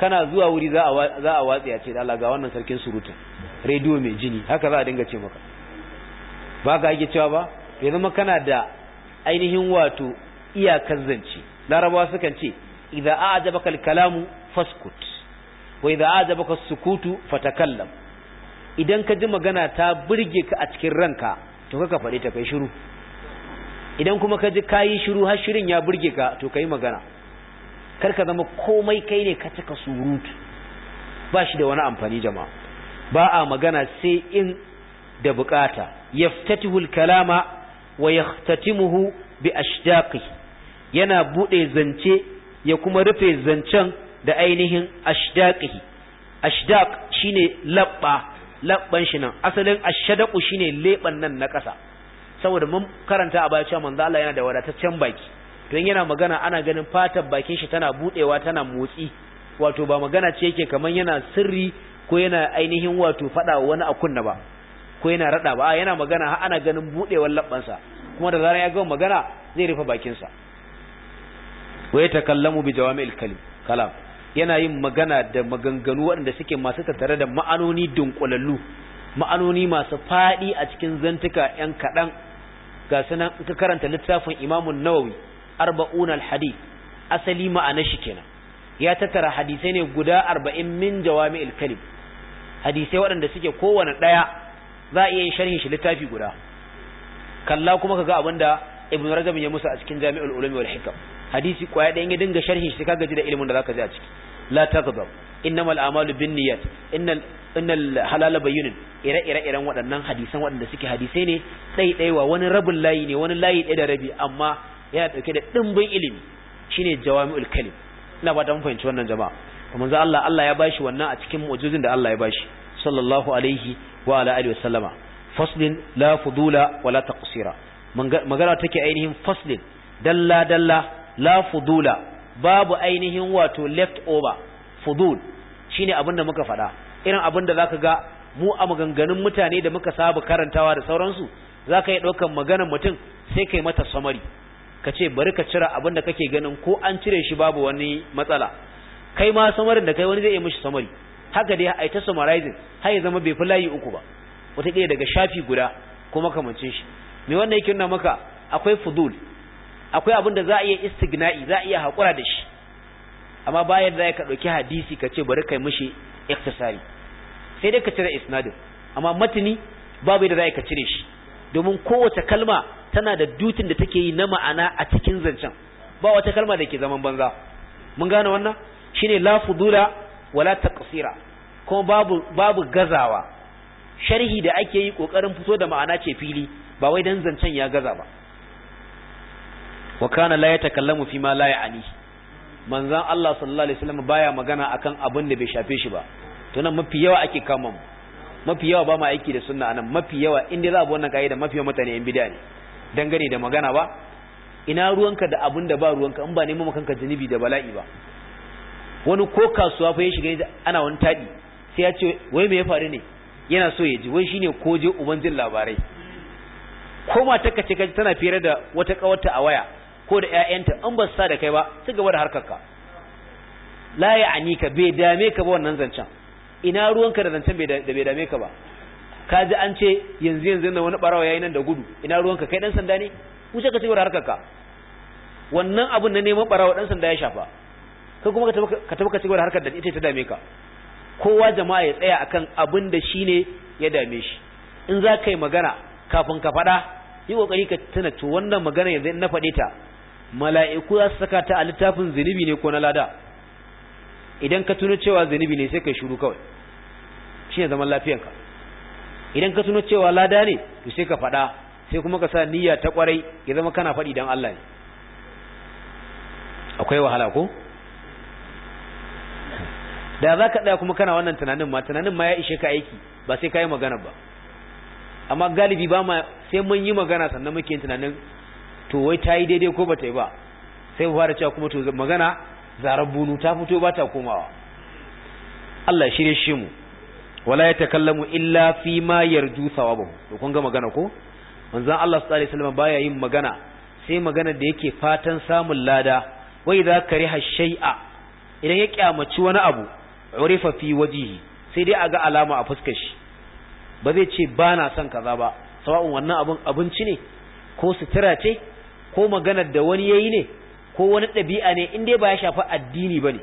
Speaker 1: kana zuwa wuri za a za a ce da ga wannan sarkin surutun rediyo mai jini haka za a dinga ce maka ba ka ake cewa ba ya zama kana da ainihin wato iyakar zance larabawa sukan ce idan a ajaba kal kalamu faskut wa a ajaba as-sukutu fatakallam idan ka ji magana ta burge ka a cikin ranka to kaka faɗi ta kai shiru idan kuma ka ji kayi shiru har shirin ya burge ka to kai magana kar ka zama komai kai ne ka cika surutu ba shi da wani amfani jama'a ba a magana sai in da bukata yaftatihul kalama wa yaftatimuhu bi ashdaqi yana bude zance ya kuma rufe zancen da ainihin ashdaqi ashdaq shine labba labban shi nan asalin ashdaqu shine leban nan na kasa saboda mun karanta a baya cewa manzo Allah yana da wadataccen baki don yana magana ana ganin fatar bakin shi tana budewa tana motsi wato ba magana ce yake kamar yana sirri ko yana ainihin wato fada wani a kunna ba ko yana rada ba yana magana har ana ganin budewar sa kuma da zarar ya ga magana zai rufe bakin sa wa yatakallamu bi jawami'il kalim kalam yana yin magana da maganganu waɗanda suke masu tattare da ma'anoni dunkulallu ma'anoni masu faɗi a cikin zantuka 'yan kaɗan ga sunan ka karanta littafin imamun nawawi arba'un alhadith asali ma'ana shi kenan ya tattara hadisai ne guda arba'in min jawami'il Alkalim hadisai waɗanda suke kowane ɗaya za a iya yin sharhin shi littafi guda kalla kuma ka abin abinda ibn rajab ya musa a cikin jami'ul ulumi wal hikam hadisi kwaya ɗayan ya dinga sharhin shi kaga ji da ilimin da zaka ji a ciki la taghdab innamal a'malu binniyat innal innal halala bayyinun ire ire iren waɗannan hadisan waɗanda suke hadisai ne ɗai ɗai wa wani rabin layi ne wani layi ɗaya da rabi amma yana dauke da ɗimbin ilimi shine jawami'ul kalim ina ba ta mun wannan jama'a kuma manzo Allah Allah ya bashi wannan a cikin mu'jizin da Allah ya bashi sallallahu alaihi wa ala alihi wasallama faslin la fudula la taqsira magana take ainihin faslin dalla dalla la fudula babu ainihin wato left over fudul shine abin da muka faɗa irin abin da zaka ga mu a maganganun mutane da muka saba karantawa da sauransu zaka yi ɗaukan maganar mutum sai kai mata samari ka ce bari ka cira abin da kake ganin ko an cire shi babu wani matsala kai ma samarin da kai wani zai yi mishi samari haka dai a ta summarizing har ya zama bai fi layi uku ba wataƙila daga shafi guda ko makamancin shi me wannan yake nuna maka akwai fudul akwai abin da za a iya istigna'i za a iya haƙura da shi amma bayan da ka ɗauki hadisi ka ce bari kai mishi iktisari sai dai ka cire isnadin amma matini babu yadda za ka cire shi domin kowace kalma tana da dutin da take yi na ma'ana a cikin zancen ba wata kalma da ke zaman banza mun gane wannan shine la fudula wala taqsira kuma babu babu gazawa sharhi da ake yi kokarin fito da ma'ana ce fili ba wai dan zancen ya gaza ba wa kana la yatakallamu fi ma la ya'ni manzon Allah sallallahu alaihi wasallam baya magana akan abin da bai shafe shi ba to mafi yawa ake kama mu mafi yawa ba ma aiki da sunna anan mafi yawa inda za a bi wannan kaida mafi yawa mutane yan bid'a ne dangane da magana ba ina ruwanka da abin da ba ruwanka in ba neman kanka zunubi da bala'i ba wani ko kasuwa fa ya shiga ana wani tadi sai ya ce wai me ya faru ne yana so ya ji wai shine ko je uban jin labarai ko mata kace kace tana fira da wata kawarta a waya ko da ƴaƴanta in ba su sa da kai ba su gaba da harkarka la ani ka bai dame ka ba wannan zancen ina ruwanka da zancen da bai dame ka ba ka ji an ce yanzu yanzu na wani barawa yayi nan da gudu ina ruwanka kai dan sanda ne kusa ka ci harkar ka wannan abun na neman barawa dan sanda ya shafa kai kuma ka tabbaka ka harkar da ita ta dame ka kowa jama'a ya tsaya akan abin da shine ya dame shi in za ka yi magana kafin ka faɗa yi kokari ka tuna to wannan magana yanzu na faɗe ta mala'iku za su saka ta a littafin zunubi ne ko na lada idan ka tuno cewa zunubi ne sai kai shiru kawai shine zaman lafiyanka idan ka tuno cewa lada ne to sai ka faɗa sai kuma ka sa niyya ta kwarai ya zama kana faɗi dan Allah ne akwai wahala ko (laughs) da za ka kuma kana wannan tunanin ma tunanin ma ya ishe ka aiki ba sai ka yi magana ba amma galibi ba ma sai mun yi magana sannan muke tunanin to wai ta yi daidai ko ba ta yi ba sai mu fara cewa kuma to magana zarar bunu ta fito ba ta komawa Allah shirye shi mu wala ya takallamu illa fi ma yarju sawabahu to kun ga magana ko manzon Allah sallallahu alaihi wasallam baya yin magana sai magana da yake fatan samun lada wa idza kariha shay'a idan ya kyamaci wani abu urifa fi wajihi sai dai aga alama a fuskar shi ba zai ce ba na son kaza ba sawa'un wannan abun abinci ne ko sutura ce ko maganar da wani yayi ne ko wani ɗabi'a ne in dai ba ya shafi addini ba ne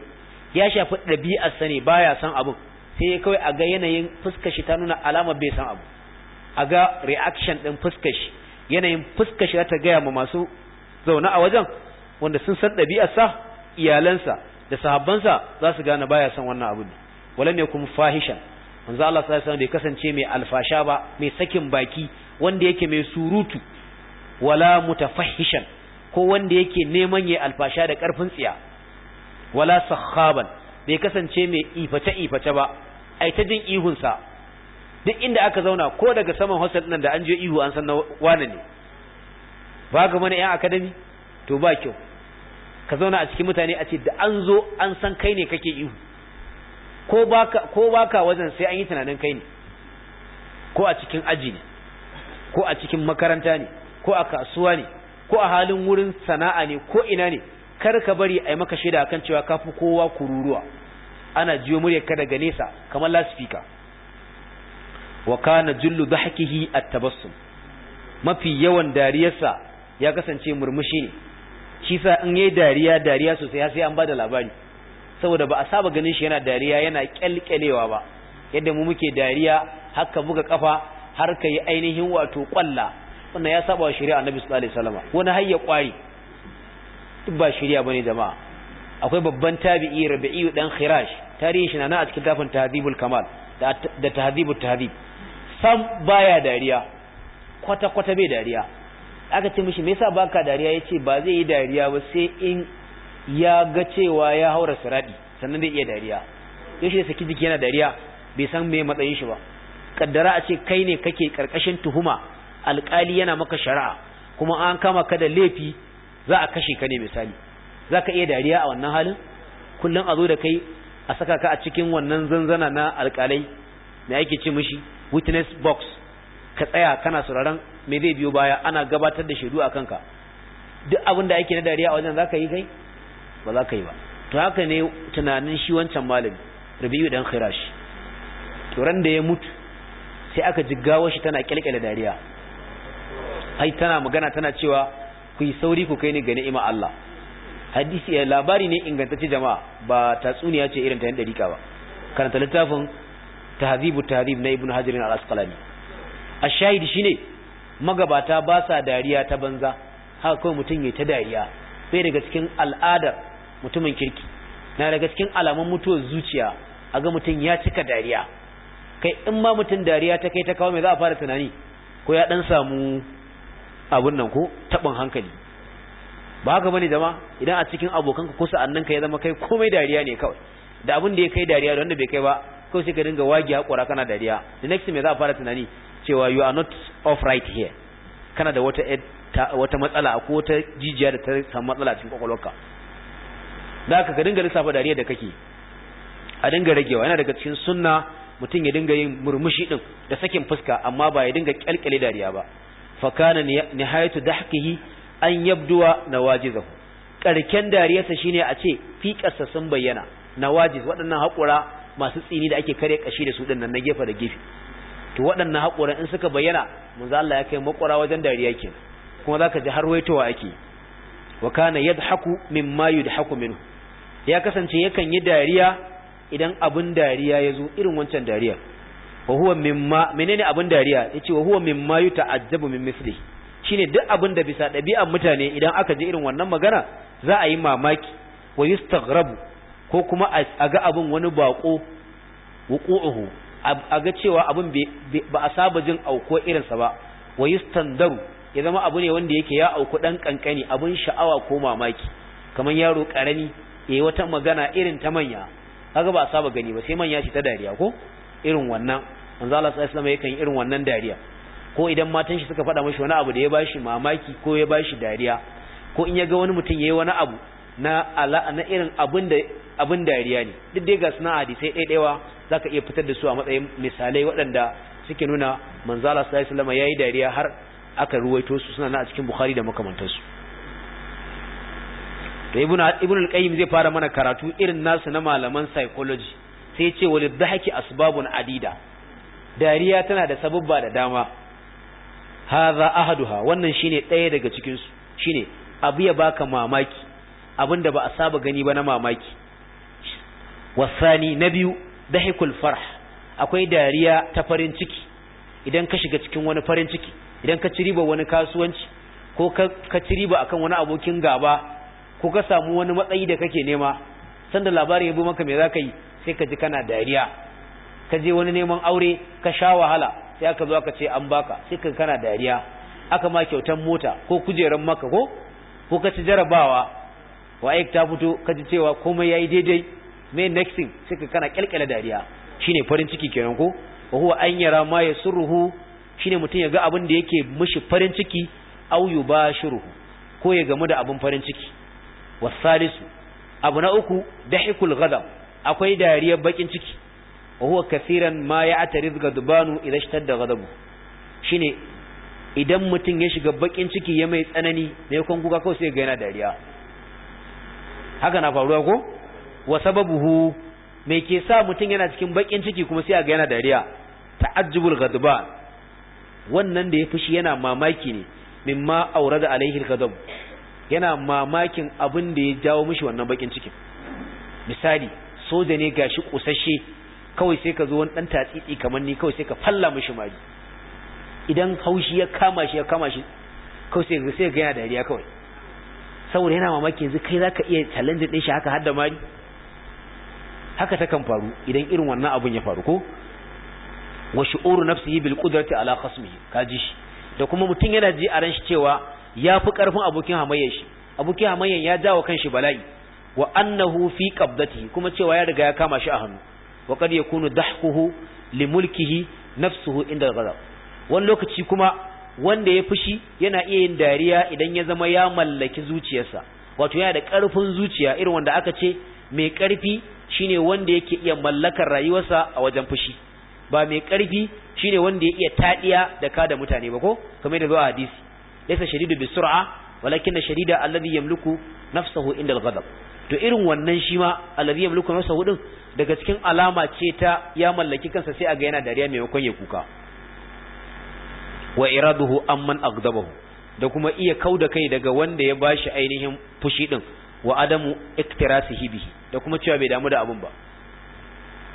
Speaker 1: ya shafi ɗabi'ar sa ne baya san abu sai kawai a ga yanayin fuskar shi ta nuna alama bai san abu a ga reaction ɗin fuskar shi yanayin fuskar shi ta gaya ma masu zaune a wajen wanda sun san ɗabi'ar sa iyalansa da sahabbansa za su gane baya san wannan abu wala ne kuma fahishan manzo Allah sallallahu alaihi bai kasance mai alfasha ba mai sakin baki wanda yake mai surutu wala mutafahishan ko wanda yake neman ya alfasha da ƙarfin tsiya wala sahaban bai kasance mai iface iface ba ai ta jin ihun duk inda aka zauna ko daga saman hostel din da an je ihu an san na ne ba ga mana yan akadami? to ba kyau ka zauna a cikin mutane a ce da an zo an san kai ne kake ihu ko baka ko baka wajen sai an yi tunanin kai ne ko a cikin aji ne ko a cikin makaranta ne ko a kasuwa ne ko a halin wurin sana'a ne ko ina ne kar ka bari a yi maka shaida kan cewa ka fi kowa kururuwa ana jiyo muryar ka daga nesa kamar lasfika wa kana jullu dhahkihi at-tabassum mafi yawan dariyarsa ya kasance murmushi ne shi sa in yayi dariya dariya sosai sai an bada labari saboda ba a saba ganin shi yana dariya yana kyalkyalewa ba yadda mu muke dariya haka buga kafa har ka ainihin wato kwalla wannan ya saba wa shari'a annabi sallallahu alaihi wasallam wani hayya kwari duk ba shari'a bane jama'a akwai babban tabi'i rabi'i dan khirash tarihin shi na a cikin tafin tahdhibul kamal da tahdhibut tahdhib sam baya dariya kwata kwata bai dariya aka ce mishi me yasa baka dariya yace ba zai yi dariya ba sai in ya ga cewa ya haura siradi sannan zai iya dariya yace saki jiki yana dariya bai san me matsayin shi ba kaddara a ce kai ne kake karkashin tuhuma Alƙali yana maka shari'a kuma an kama ka da laifi za a kashe ka ne misali za ka iya dariya a wannan halin kullum a zo da kai a saka ka a cikin wannan zanzana na alƙalai me ake ce mishi witness box ka tsaya kana sauraron me zai biyo baya ana gabatar da shaidu a kanka duk abin da ake na dariya a wajen za ka yi kai ba za ka yi ba to haka ne tunanin shi wancan malami rabi'u dan khirash to ran da ya mutu sai aka ji shi tana kyalkyale dariya ai tana magana tana cewa ku yi sauri ku kai ni ga ni'ima Allah hadisi ya eh, labari ne ingantacce jama'a ba tatsuniya ce irin ta yan dariƙa ba karanta littafin tahzibu tahzib na ibnu hajar al-asqalani ash-shahid shine magabata ba sa dariya ta banza haka kawai mutum yayi ta dariya sai daga cikin al'adar mutumin kirki na daga cikin alamun mutuwar zuciya a ga mutum ya cika dariya kai in ma mutum dariya ta kai ta kawo mai za a fara tunani ko ya dan samu abun nan ko taɓin hankali ba haka bane jama idan a cikin abokanka ko sa'annan ka ya zama kai komai dariya ne kawai da abin da ya kai dariya da wanda bai kai ba kawai sai ka dinga wagi hakura kana dariya the next me za a fara tunani cewa you are not of right here kana da wata wata matsala ko wata jijiya da ta samu matsala cikin kwakwalwarka da haka ka dinga lissafa dariya da kake a dinga ragewa yana daga cikin sunna mutum ya dinga yin murmushi din da sakin fuska amma ba ya dinga kyalkyale dariya ba Fakana nihayatu dahkihi an yabduwa nawajizahu karken dariyarsa shine a ce fiƙarsa sun bayyana nawajiz waɗannan haƙura masu tsini da ake kare kashi da su dinnan na gefe da gefe to waɗannan haƙura in suka bayyana manzo Allah ya kai makwara wajen dariya ke kuma zaka ji har waitowa ake wa kana yadhaku mimma yadhaku minhu ya kasance yakan yi dariya idan abin dariya ya zo irin wancan dariyar wa huwa mimma menene abin dariya yace wa huwa mimma yuta'ajjabu min misli shine duk abin da bisa ɗabi'ar mutane idan aka ji irin wannan magana za a yi mamaki wa yastaghrabu ko kuma a ga abin wani bako wuqu'uhu a ga cewa abin ba a saba jin auko irinsa ba wa yastandaru ya zama abu ne wanda yake ya auku dan kankani abin sha'awa ko mamaki kamar yaro karami eh wata magana irin ta manya kaga ba a saba gani ba sai manya shi ta dariya ko irin wannan manzo Allah sallallahu alaihi yakan irin wannan dariya ko idan matan shi suka faɗa mashi wani abu da ya bashi mamaki ko ya bashi dariya ko in ya ga wani mutum yayi wani abu na ala na irin abin da abin dariya ne duk dai ga suna dai daiwa zaka iya fitar da su a matsayin misalai waɗanda suke nuna manzo Allah sallallahu alaihi wasallam yayi dariya har aka ruwaito su suna na a cikin Bukhari da makamantansu Da ibnu ibnu al-qayyim zai fara mana karatu irin nasu na malaman psychology sai ya ce walidhaki asbabun adida dariya tana da sababba da dama haza ahaduha wannan shine ɗaya daga cikin su shine abu ya baka mamaki abinda ba a saba gani ba na mamaki wasani na biyu dahikul farh akwai dariya ta farin ciki idan ka shiga cikin wani farin ciki idan ka ci riba wani kasuwanci ko ka ci riba akan wani abokin gaba ko ka samu wani matsayi da kake nema sanda labarin ya bi maka me zaka yi sai ka ji kana dariya ka je wani neman aure ka sha wahala sai aka zo aka ce an baka sai kana dariya aka ma kyautan mota ko kujeran maka ko ko ka ci jarabawa wa aik ta fito ka ji cewa komai yayi daidai me next thing sai ka kana kyalkyala dariya shine farin ciki kenan ko wa huwa an yara ma yasruhu shine mutum ya ga abin da yake mishi farin ciki aw yubashiruhu ko ya gamu da abin farin ciki wasalisu abu na uku dahikul ghadab akwai dariyar bakin ciki wa كثيرا ما يعترض غضبانه gadbanu idan غضبه ghadabu idan mutum ya shiga bakin ciki ya mai tsanani ne kon kuka kawai sai ga yana dariya haka na faruwa ko wa sababuhu me ke sa mutum yana cikin bakin ciki kuma sai ga yana dariya ta'ajjubul ghadban wannan da ya fushi yana mamaki ne mimma aurada alaihi al-ghadab yana mamakin abin da ya jawo mishi wannan bakin cikin misali soja ne gashi kusashe kawai sai ka zo wani ɗan tatsitsi kamar ni kawai sai ka falla mishi maji idan haushi ya kama shi ya kama shi kawai sai sai ga yana dariya kawai saboda yana mamaki yanzu kai zaka iya challenge din shi haka har da mari haka ta kan faru idan irin wannan abun ya faru ko wa shu'uru nafsihi bil qudrati ala khasmihi ji shi da kuma mutum yana ji a ran shi cewa ya fi karfin abokin hamayyar shi abokin hamayyan ya jawo shi bala'i wa annahu fi qabdatihi kuma cewa ya riga ya kama shi a hannu وقد يكون kunu لملكه li mulkihi الغضب inda ghadab wani lokaci kuma wanda ya fushi yana iya yin dariya idan ya zama ya mallaki zuciyarsa wato yana da ƙarfin zuciya irin wanda aka ce mai ƙarfi shine wanda yake iya mallakar rayuwarsa a wajen fushi ba mai ƙarfi shine wanda ya iya taɗiya da kada mutane ba ko kamar da zuwa hadisi laysa shadidu bisur'a walakin shadida alladhi yamliku nafsahu inda al-ghadab to irin wannan shi ma alladhi yamliku nafsahu hudun daga cikin alama ce ta ya mallaki kansa sai a ga yana dariya maimakon ya kuka wa iraduhu amman aghdabahu da kuma iya kauda kai daga wanda ya bashi ainihin fushi din wa adamu iktirasihi bihi da kuma cewa bai damu da abun ba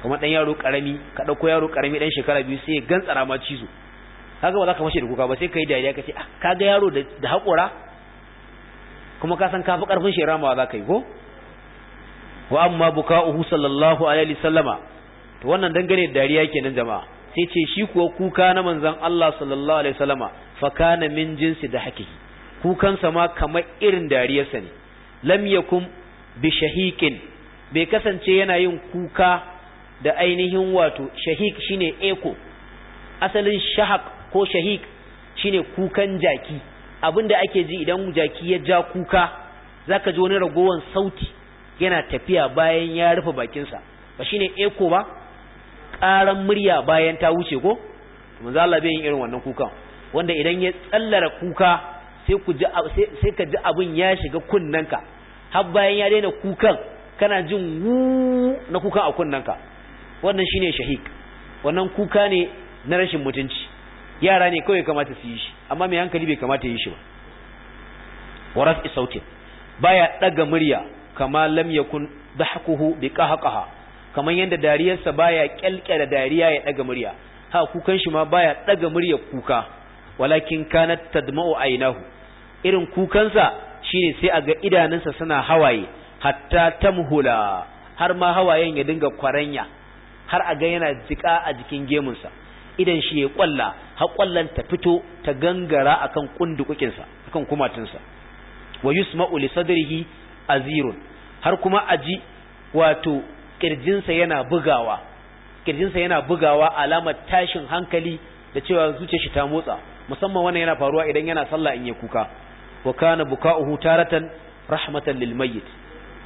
Speaker 1: kuma dan yaro karami ka dauko yaro karami dan shekara biyu sai ya gantsara ma cizo kaga ba za ka fashe da kuka ba sai kai dariya kace ah kaga yaro da hakora kuma ka san kafi karfin shi rama za ka yi ko wa amma buka'uhu sallallahu alaihi sallama to wannan dangane da dariya kenan jama'a sai ce shi kuwa kuka na manzon Allah sallallahu alaihi sallama fa kana min jinsi da kukan kukansa ma kamar irin dariyarsa ne lam yakum bi shahikin bai kasance yana yin kuka da ainihin wato shahik shine eko asalin shahak ko shahik shine kukan jaki abinda ake ji idan jaki ya ja kuka zaka ji wani ragowan sauti yana tafiya bayan ya rufe bakinsa ba shine eko ba ƙaran murya bayan ta wuce ko manzo Allah bai yin irin wannan kukan wanda idan ya tsallara kuka sai ku ji sai ka ji abin ya shiga kunnanka har bayan ya daina kukan kana jin wu na kukan a kunnanka wannan shine shahik wannan kuka ne na rashin mutunci yara ne kawai kamata su yi shi amma mai hankali bai kamata yi shi ba waras isautin baya daga murya kama lam yakun dahquhu bi qahqaha kaman yanda dariyarsa baya kyalkyala dariya ya daga murya ha kukan shi ma baya daga murya kuka walakin kanat tadma'u aynahu irin kukansa shine sai a ga idanunsa suna hawaye hatta tamhula har ma hawayen ya dinga kwaranya har a ga yana jika a jikin gemunsa idan shi ya kwalla har kwallan ta fito ta gangara akan kundukukinsa akan kumatunsa wa yusma'u li sadrihi azirun har kuma aji wato kirjinsa yana bugawa kirjinsa yana bugawa alamar tashin hankali da cewa zuciyar shi ta motsa musamman wannan yana faruwa idan yana sallah in ya kuka wa kana buka'uhu taratan rahmatan lil mayyit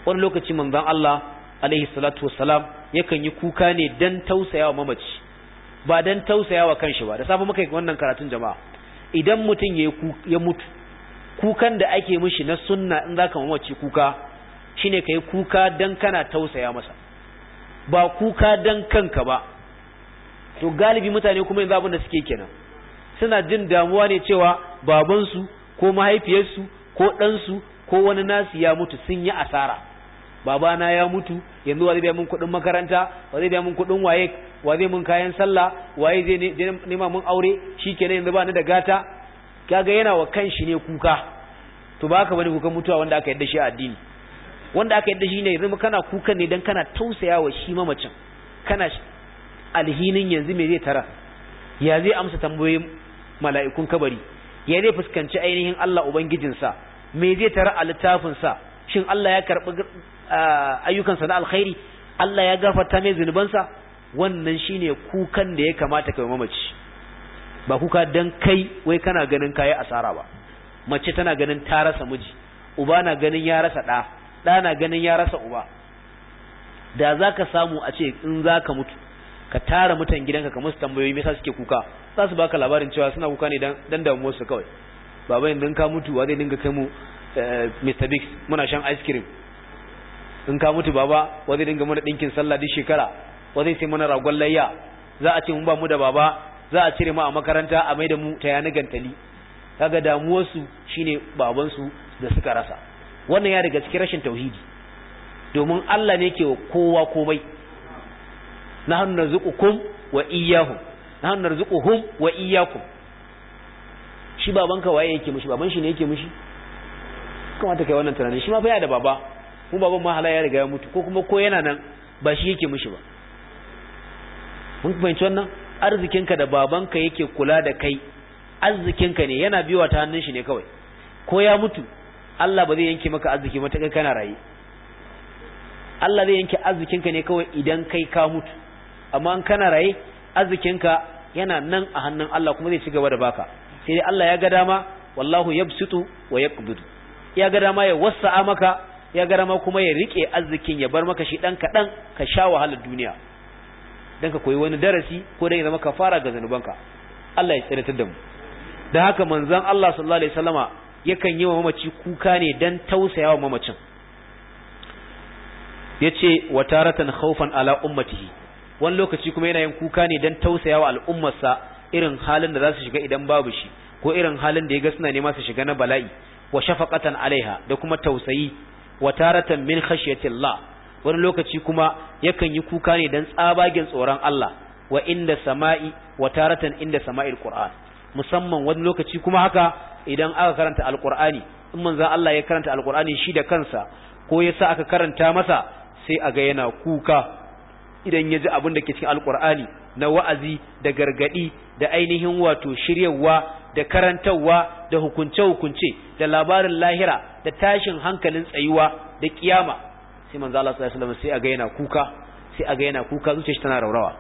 Speaker 1: wani lokaci manzon Allah alaihi salatu wassalam yakan yi kuka ne dan tausayawa mamaci ba dan tausayawa kanshi ba da safe muka yi wannan karatun jama'a idan mutum ya mutu kukan da ake mishi na sunna in zaka mamaci kuka shine kai kuka dan kana tausaya masa ba kuka dan kanka ba to galibi mutane kuma yanzu abin da suke kenan suna jin damuwa ne cewa babansu ko mahaifiyarsu ko ɗansu ko wani nasu ya mutu sun yi asara babana ya mutu yanzu wa zai biya mun kuɗin makaranta wa zai biya mun kuɗin waye wa zai mun kayan sallah waye zai nema mun aure shikenan yanzu ba ni da gata kaga yana wa kanshi ne kuka to ba bane kukan mutuwa wanda aka yadda shi addini wanda aka yadda shi ne ka kana kukan ne dan kana tausaya wa shi mamacin kana alhinin yanzu me zai tara ya zai amsa tambayoyin mala'ikun kabari ya zai fuskanci ainihin Allah ubangijinsa me zai tara a sa shin Allah ya karbi ayyukansa na alkhairi Allah ya gafarta mai zunubansa wannan shine kukan da ya kamata ka kai mamaci ba kuka dan kai wai kana ganin kayi asara ba mace tana ganin ta rasa miji uba na ganin ya rasa ɗa ɗa na ganin ya rasa uba da za ka samu a ce in za ka mutu ka tara mutan gidanka ka musu tambayoyi me yasa suke kuka za su baka labarin cewa suna kuka ne dan damuwar su kawai baba in ka mutu wa zai dinga kai mu eh, Mr Biggs muna shan ice cream in ka mutu baba wa zai dinga mana dinkin sallah duk shekara wa zai sai mana ragon layya za a ce mun ba mu da baba za a cire mu a makaranta a mai da mu ta yana gantali kaga damuwarsu shine babansu da suka rasa wannan ya daga cikin rashin tauhidi domin Allah ne ke wa kowa komai nahnu narzuqukum wa iyyahum nahnu narzuquhum wa iyyakum shi babanka waye yake mushi baban shi ne yake mushi kamata kai wannan tunani shi ma fa ya da baba Mu baban ma halayya ya riga ya mutu ko kuma ko yana nan ba shi yake mushi ba mun fahimci wannan arzikinka da babanka yake kula da kai arzikinka ne yana biyowa ta hannun shi ne kawai ko ya mutu Allah ba zai yanke maka arziki ba ta kai kana raye Allah zai yanke arzikinka ne kawai idan kai ka mutu amma in kana raye arzikinka yana nan a hannun Allah kuma zai ci gaba da baka sai dai Allah ya ga dama wallahu yabsutu wa yaqbidu ya ga dama ya wassa'a maka ya ga dama kuma ya rike arzikin ya bar maka shi dan kadan ka sha wahalar duniya dan ka koyi wani darasi ko dan ya zama kafara ga zanubanka Allah ya tsiratar da mu dan haka manzon Allah sallallahu alaihi wasallama yakan yi wa mamaci kuka ne don tausaya wa mamacin ce wa taratan khawfan ala ummatihi wani lokaci kuma yana yin kuka ne dan tausaya wa al'ummarsa irin halin da za su shiga idan babu shi ko irin halin da ya ga suna nema su shiga na bala'i wa shafaqatan alaiha da kuma tausayi wa taratan min khashyatillah wani lokaci kuma yakan yi kuka ne dan tsabagen tsoron Allah wa inda sama'i wa taratan inda sama'il qur'an musamman wani lokaci kuma haka idan aka karanta alqur'ani in manzon Allah ya karanta alqur'ani shi da kansa ko yasa aka karanta masa sai a ga yana kuka idan ya ji abin da ke cikin alqur'ani na wa'azi da gargadi da ainihin wato shiryawa da karantarwa da hukunce-hukunce da labarin lahira da tashin hankalin tsayuwa da kiyama sai manzo Allah sallallahu alaihi wasallam sai aga yana kuka sai aga yana kuka zuciyarsa tana raurawa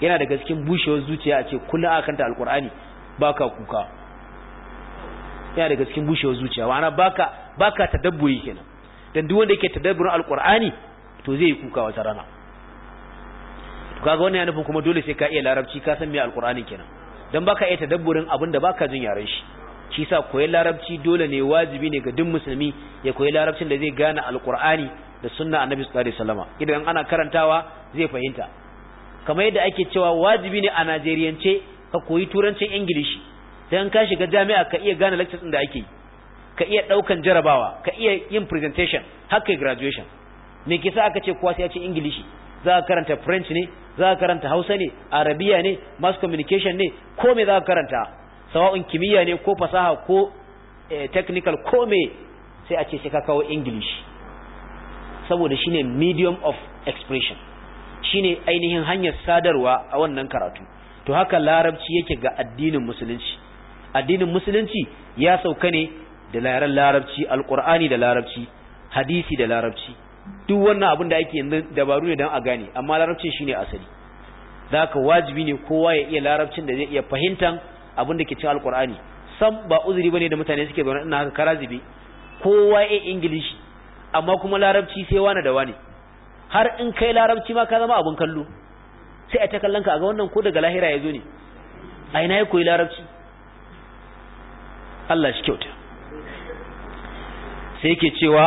Speaker 1: yana daga cikin bushewar zuciya a ce kullum a kanta alqur'ani baka kuka yana daga cikin bushewar zuciya ma'ana baka baka tadabburi kenan dan duk wanda yake tadabburin alqur'ani to zai yi kuka wata rana to kaga wannan yana nufin kuma dole sai ka iya larabci ka san me alqur'ani kenan dan baka iya tadabburin abinda baka jin yaren shi shi sa koyi larabci dole ne wajibi ne ga duk musulmi ya koyi larabcin da zai gane alqur'ani da sunna annabi sallallahu alaihi wasallama idan ana karantawa zai fahimta kamar yadda ake cewa wajibi ne a Najeriyance ka koyi turancin Ingilishi dan ka shiga jami'a ka iya gane lectures din da ake yi ka iya daukan jarabawa ka iya yin presentation har kai graduation me kisa aka ce kowa sai ya ce Ingilishi za ka karanta French ne za ka karanta Hausa ne Arabiya ne mass communication ne ko me za ka karanta sawa'un kimiyya ne ko fasaha ko eh, technical ko me sai a ce sai ka kawo English saboda shine medium of expression shine ainihin hanyar sadarwa a wannan karatu to haka larabci yake ga addinin musulunci addinin musulunci ya sauka ne da yaren larabci alqur'ani da larabci hadisi da larabci duk wannan abin da ake yanzu dabaru ne don a gane amma larabcin shine asali zaka wajibi ne kowa ya iya larabcin da zai iya fahimtan abin da ke cikin alqur'ani sam ba uzuri bane da mutane suke zaune ina haka karazibi kowa ya ingilishi amma kuma larabci sai wani da wani har in kai larabci ma ka zama abun kallo sai a ta kallon ka ga wannan ko daga lahira ya zo ne a ina ya koyi larabci Allah shi kyauta sai yake cewa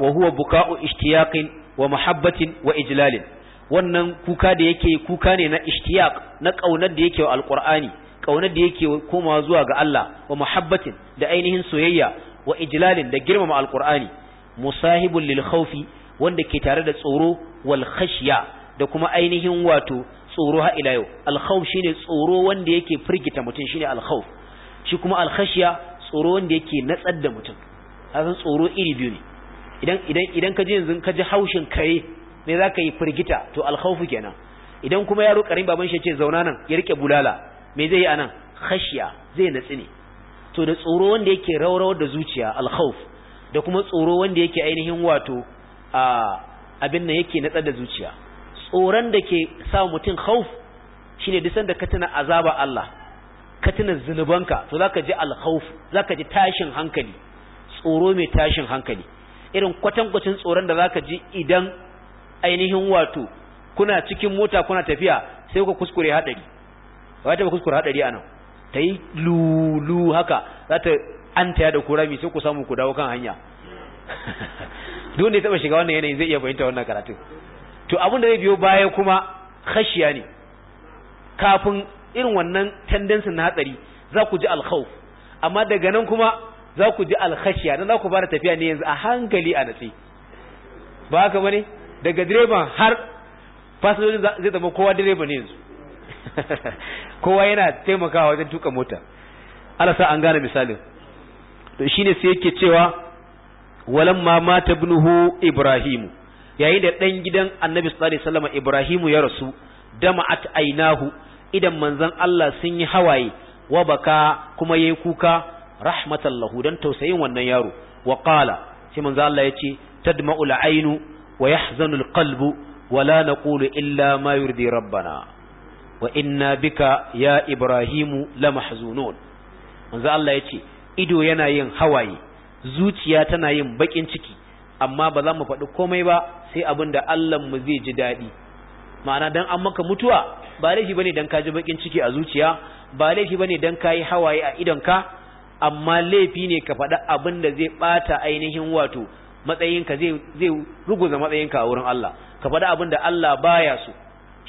Speaker 1: wa huwa buka'u ishtiyaqin wa muhabbatin wa ijlalin wannan kuka da yake kuka ne na ishtiyaq na kaunar da yake wa alqur'ani kaunar da yake komawa zuwa ga Allah wa muhabbatin da ainihin soyayya wa ijlalin da girmama alqur'ani musahibul lil khawfi wanda ke tare da tsoro wal khashya da kuma ainihin wato tsoro ha ila yau al khawf shine tsoro wanda yake firgita mutum shine al khawf shi kuma al khashya tsoro wanda yake natsar da mutum san tsoro iri biyu ne idan idan idan ka ji yanzu ka ji haushin kare me zaka yi firgita to al khawf kenan idan kuma yaro karin baban shi ce zauna nan ya rike bulala me zai yi anan khashya zai natsi ne to da tsoro wanda yake rawrawar da zuciya al khawf da kuma tsoro wanda yake ainihin wato a abin nan yake natsar da zuciya tsoron da ke sa mutum khauf shine duk sanda ka tuna azaba Allah ka tuna zunubanka to zaka ji al-khauf zaka ji tashin hankali tsoro mai tashin hankali irin kwatankwacin tsoron da zaka ji idan ainihin wato kuna cikin mota kuna tafiya sai ku kuskure hadari wata ba kuskure hadari anan tayi lulu haka za ta an taya da kurami sai ku samu ku dawo kan hanya duk da taba shiga wannan yanayin zai iya fahimta wannan karatu to abin da zai biyo baya kuma khashiya ne kafin irin wannan tendensin na hatsari za ku ji alkhawf amma daga nan kuma za ku ji alkhashiya dan za ku fara tafiya ne yanzu a hankali a natsi ba haka bane daga direban har fasinjojin zai zama kowa direba ne yanzu (laughs) kowa yana taimakawa wajen tuka mota Allah sa an gane misalin to shine sai yake cewa walamma mata ibnuhu Ibrahimu. yayin da ɗan gidan annabi sallallahu alaihi wasallam ibrahim ya rasu dama at ainahu idan manzon Allah sun yi hawaye wa baka kuma yayi kuka rahmatallahu dan tausayin wannan yaro wa qala sai manzon Allah yace tadma'ul ainu wa yahzanul qalbu wa la naqulu illa ma yurdi rabbana wa inna bika ya ibrahimu lamahzunun manzon Allah yace ido yana yin hawaye zuciya tana yin bakin ciki amma ba za mu faɗi komai ba sai abin da mu zai ji daɗi ma'ana dan an maka mutuwa ba laifi bane dan ka ji bakin ciki a zuciya ba laifi bane dan ka yi hawaye a ka amma laifi ne ka faɗi abin da zai ɓata ainihin wato matsayinka zai zai ruguza matsayinka a wurin Allah ka faɗi abin da Allah baya so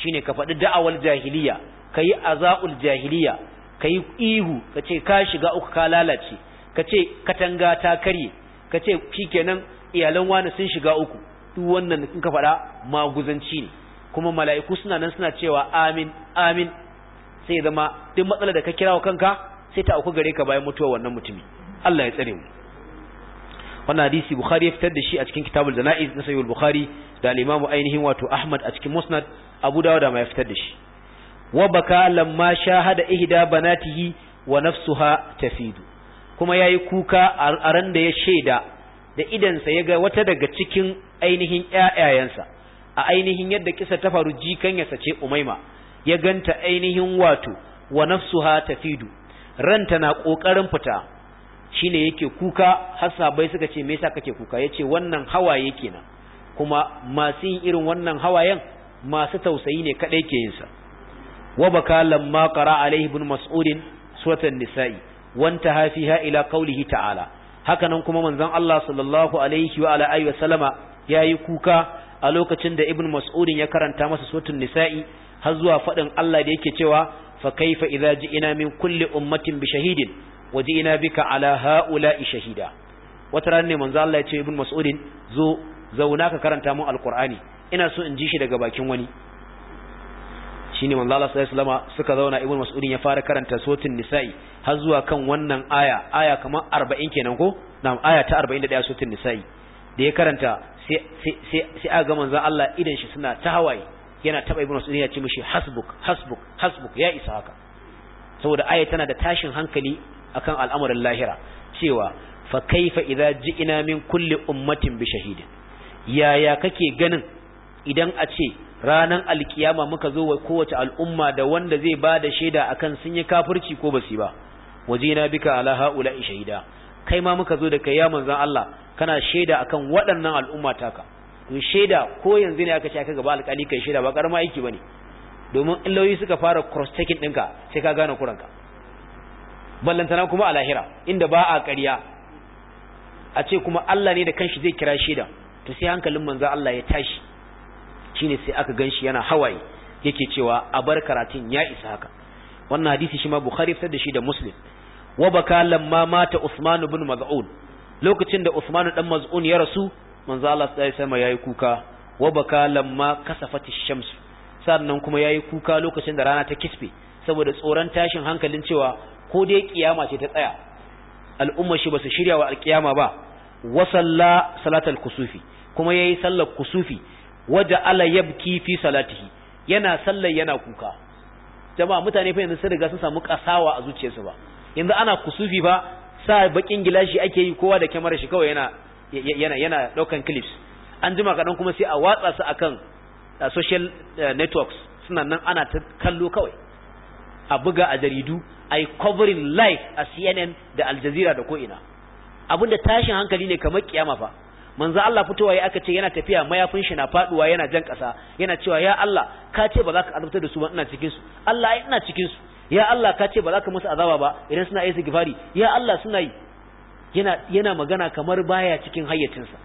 Speaker 1: shine ka faɗi da'awal jahiliya ka yi aza'ul jahiliya ka yi ihu ka ce ka shiga uku ka lalace ka ce katanga ta karye ka ce shikenan iyalan wani sun shiga uku duk wannan in ka faɗa maguzanci ne kuma mala'iku suna nan suna cewa amin amin sai ya zama duk matsalar da ka kira wa kanka sai ta auku gare ka bayan mutuwa wannan mutumi Allah ya tsare mu wannan hadisi Bukhari ya fitar da shi a cikin Kitabul Janaiz na Sahih Bukhari da al-Imam ainihin wato Ahmad a cikin Musnad Abu Dawud ma ya fitar da shi wa baka lamma shahada ihda banatihi wa nafsuha tafidu kuma yayi kuka a da ya sheda da idonsa ya ga wata daga cikin ainihin ƴaƴayensa a ainihin yadda kisa ta faru jikan ya sace umaima ya ganta ainihin wato wa nafsuha tafidu ranta na kokarin fita shine yake kuka har sabai suka ce me yasa kake kuka yace wannan hawaye kenan kuma masu yin irin wannan hawayen masu tausayi ne kadai ke yin sa wa baka lamma qara alaihi ibn mas'ud suratan nisa'i wanta hafi ila kaulihi ta'ala hakanan kuma manzon Allah sallallahu alaihi wa ala alihi wa sallama yayi kuka a lokacin da ibn mas'ud ya karanta masa suratul nisa'i har zuwa faɗin Allah da yake cewa fa kaifa idza ji'ina min kulli ummatin bi shahidin wa ji'ina bika ala ha'ula'i shahida wata rana ne manzo Allah ya ce ibn mas'ud zo zauna ka karanta mu alqur'ani ina so in ji shi daga bakin wani shine manzo Allah sallallahu alaihi wasallam suka zauna ibn mas'udin ya fara karanta sotin nisa'i har zuwa kan wannan aya aya kamar 40 kenan ko na'am aya ta 41 sotin nisa'i da ya karanta sai sai sai aga manzo Allah idan shi suna ta hawaye yana taba ibn mas'udin ya ce mishi hasbuk hasbuk hasbuk ya isa haka saboda aya tana da tashin hankali akan al'amuran lahira cewa fa kaifa idza ji'ina min kulli ummatin bi shahidin yaya kake ganin idan a ce ranar alkiyama muka zo wa kowace al'umma da wanda zai ba da shaida akan sun yi kafirci ko ba su ba bi bika ala haula shahida kai ma muka zo da kai ya manzan Allah kana shaida akan waɗannan al'umma taka to shaida ko yanzu ne aka ce aka gaba alƙali kai shaida ba karama aiki bane domin illoyi suka fara cross checking ɗinka sai ka gane kuranka ballantana kuma a lahira inda ba a ƙarya a ce kuma Allah ne da kanshi zai kira shaida to sai hankalin manzan Allah ya tashi shine sai aka ganshi yana hawaye yake cewa a bar karatun ya isa haka wannan hadisi shi ma bukhari fitar da shi da muslim wa baka lamma mata usman ibn maz'un lokacin da usman dan maz'un ya rasu manzo Allah sai sama yayi kuka wa baka lamma kasafati shams sannan kuma yayi kuka lokacin da rana ta kisbe saboda tsoron tashin hankalin cewa ko dai kiyama ce ta tsaya al'umma shi basu shirya wa alkiyama ba wa salla salatal kusufi kuma yayi sallar kusufi waja ala yabki fi salatihi yana sallar yana kuka jama'a mutane fa yanzu sun riga sun samu kasawa a zuciyarsu ba yanzu ana kusufi ba, sa bakin gilashi ake yi kowa da kyamar shi kawai yana yana yana daukan clips an jima kadan kuma sai a watsa su akan social eh, networks suna nan ana ta kallo kawai a buga a jaridu a yi covering live a CNN da Al Jazeera da ko'ina abinda tashin hankali ne kamar kiyama fa manzo Allah fitowa ya aka ce yana tafiya mayafin shi na faduwa yana jan kasa yana cewa ya Allah ka ce ba za ka azabtar da su ba ina cikin su Allah ai ina cikin su ya Allah ka ce ba za ka musu azaba ba idan suna yi gifari ya Allah suna yi yana yana magana kamar baya cikin hayyacinsa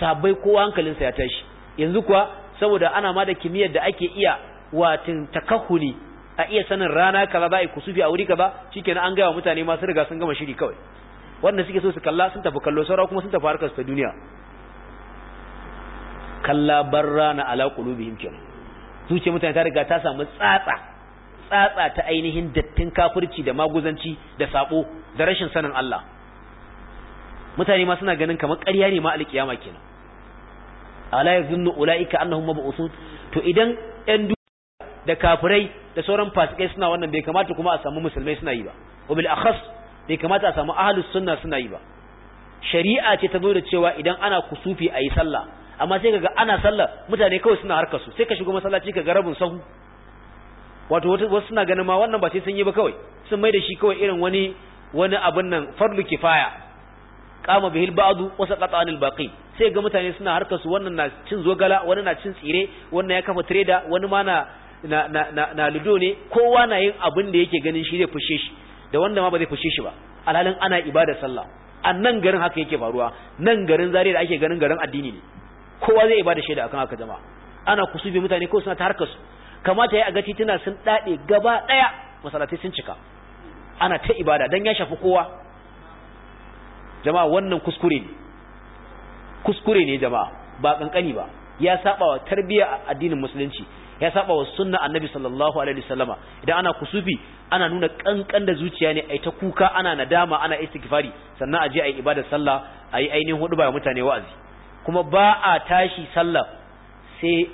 Speaker 1: sabai kowa hankalinsa ya tashi yanzu kuwa saboda ana ma da kimiyyar da ake iya watin takahuli a iya sanin rana kaza za a yi kusufi a wuri kaza shikenan an gaya mutane ma su riga sun gama shiri kawai wanda suke so su kalla sun tafi kallo saura kuma sun tafi harkar ta duniya kalla barrana ala qulubihim kenan zuciyar mutane ta riga ta samu tsatsa tsatsa ta ainihin dattin kafirci da maguzanci da sako da rashin sanin Allah mutane ma suna ganin kamar ƙarya ne ma alƙiyama kenan ala yazunnu ulaika annahum mab'usun to idan ɗan da kafirai da sauran fasikai suna wannan bai kamata kuma a samu musulmai suna yi ba wabil akhas bai kamata a samu ahlus sunna suna yi ba shari'a ce ta zo da cewa idan ana kusufi a yi sallah amma sai kaga ana sallah mutane kawai suna harkar su sai ka shigo masallaci ka ga rabin sahu wato wasu suna ganin ma wannan ba sai sun yi ba kawai sun mai da shi kawai irin wani wani abin nan fardu kifaya qama bihil ba'du wa saqata anil baqi sai ga mutane suna harkar su wannan na cin zogala wani na cin tsire wannan ya kafa trader wani ma na na na ludo ne kowa na yin abin da yake ganin shi zai fushe shi da wanda ma ba zai fushe shi ba alhalin ana ibada sallah a nan garin haka yake faruwa nan garin zariya da ake ganin garin addini ne kowa zai ba da shaida akan haka jama'a ana kusubi mutane ko suna ta harkar su kamata ya ga tituna sun dade gaba daya Masallatai sun cika ana ta ibada dan ya shafi kowa jama'a wannan kuskure ne kuskure ne jama'a ba kankani ba ya saba wa tarbiya addinin musulunci ya saba wa sunna annabi sallallahu alaihi wasallama idan ana kusufi ana nuna kankan da zuciya ne ai ta kuka ana nadama ana istighfari sannan aje ai ibadar sallah ai ainihin hudu ba mutane wa'azi kuma ba a tashi sallah sai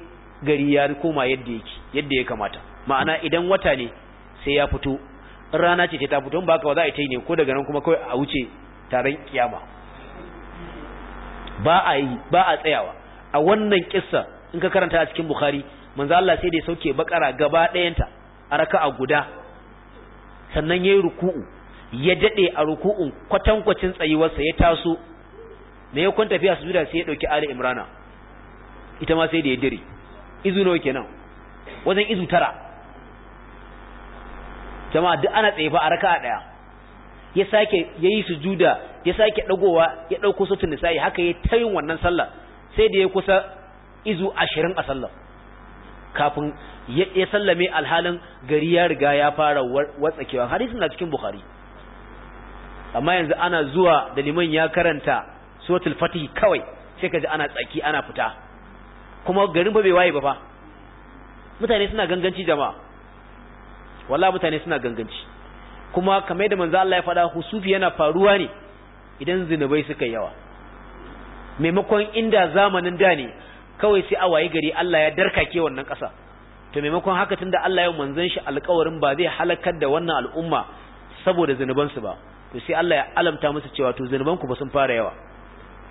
Speaker 1: gari ya koma yadda yake yadda ya kamata ma'ana idan wata ne sai ya fito rana ce ta fito ba ka za a yi ne ko daga nan kuma kawai a wuce taron kiyama ba a yi ba a tsayawa a wannan kissa in ka karanta a cikin bukhari manzo Allah sai da ya sauke bakara gaba ɗayanta a raka'a guda sannan yayi ruku'u ya dade a ruku'un kwatankwacin tsayuwarsa ya taso me ya kun su sujuda sai ya dauki ali imrana ita ma sai da ya dire izu nawa kenan wajen izu tara jama'a duk ana tsaye fa a raka'a daya ya sake yayi sujuda ya sake dagowa ya dauko sutun nisa'i haka ya tayin wannan sallah sai da ya kusa izu 20 a sallah kafin ya sallame alhalin gari ya riga ya fara watsakewa hadisin na cikin bukhari amma yanzu ana zuwa da liman ya karanta suratul fatih kawai sai ka ji ana tsaki ana fita kuma garin ba bai waye ba fa mutane suna ganganci jama'a wallahi mutane suna ganganci kuma kamar da manzo Allah ya faɗa husufi yana faruwa ne idan zinubai suka yawa maimakon inda zamanin da ne kawai sai a waye gari Allah ya darkake wannan ƙasa to maimakon haka tunda Allah ya manzon shi alƙawarin ba zai halakar da wannan al'umma saboda zinubansu ba to sai Allah ya alamta musu cewa to zinubanku ba sun fara yawa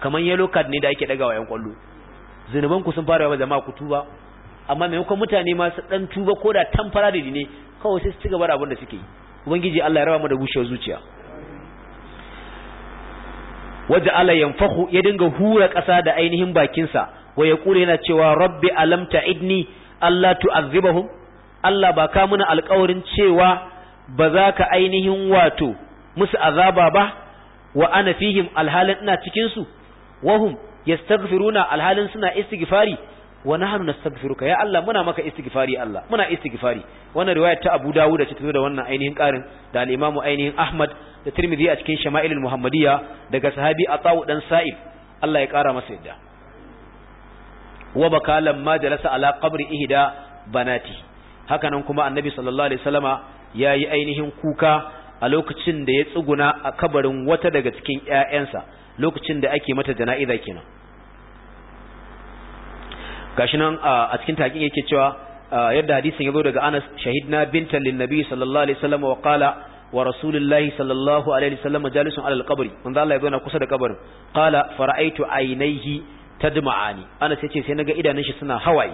Speaker 1: kamar yellow card ne da ake daga wa yan kwallo zinuban ku sun fara yawa jama'a ku tuba amma maimakon mutane ma su dan tuba ko da tamfara da ne kawai sai su ci gaba da abin da suke yi ubangiji Allah ya raba mu da gushewar zuciya waja ala yanfahu ya dinga hura kasa da ainihin bakin sa wa ya kure yana cewa rabbi alam ta'idni Allah tu'azibahum Allah ba ka muna alƙawarin cewa ba za ka ainihin wato musu azaba ba wa ana fihim alhalin ina cikin su wahum yastaghfiruna alhalin suna istighfari wa nahnu nastaghfiruka ya Allah muna maka istighfari Allah muna istighfari wannan riwaya ta Abu Dawud da ta da wannan ainihin karin da al-Imam ainihin Ahmad da Tirmidhi a cikin Shama'ilul Muhammadiyya daga sahabi Ata'u dan Sa'ib Allah ya kara masa yadda wa baka lamma jalasa ala qabri ihda banati hakanan kuma annabi sallallahu alaihi wasallama yayi ainihin kuka a lokacin da ya tsuguna a kabarin wata daga cikin ƴaƴansa lokacin da ake mata jana'iza kenan gashi nan a cikin taƙin yake cewa yadda hadisin zo daga Anas shahidna bintan linnabi sallallahu alaihi wasallam wa qala wa rasulullahi sallallahu alaihi wasallam jalisun alal qabri manzo Allah yazo na kusa da kabarin qala fara'aitu aynaihi tadma'ani Anas yace sai naga idanun shi suna hawaye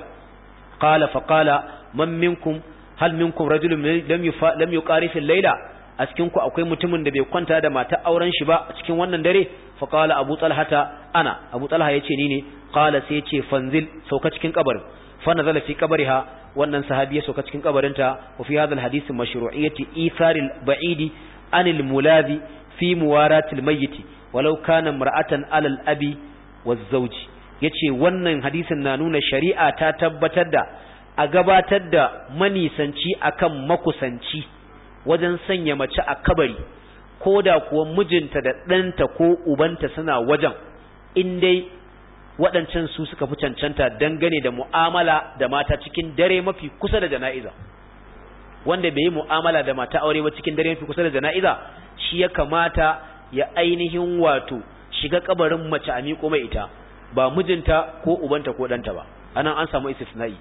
Speaker 1: qala fa qala man minkum hal minkum rajulun lam yufa lam yuqarif al-laila a cikin ku akwai mutumin da bai kwanta da mata auren shi ba a cikin wannan dare fa qala abu talhata ana abu talha yace ni ne qala sai yace fanzil sauka cikin kabarin fa nazala fi qabriha wannan sahabi ya sauka cikin kabarinta wa fi hadha alhadith mashru'iyyati itharil ba'idi anil mulazi fi muwaratil mayyit walau kana mar'atan alal abi waz yace wannan hadisin na nuna shari'a ta tabbatar da a gabatar da manisanci akan makusanci wajen sanya mace a kabari ko da kuwa mijinta da ɗanta ko ubanta suna wajen in dai waɗancan su suka fi cancanta dangane da mu'amala da mata cikin dare mafi kusa da jana'iza wanda bai yi mu'amala da mata aure ba cikin dare mafi kusa da jana'iza shi ya kamata ya ainihin wato shiga kabarin mace a miƙo mai ita ba mijinta ko ubanta ko ɗanta ba anan an samu istisna'i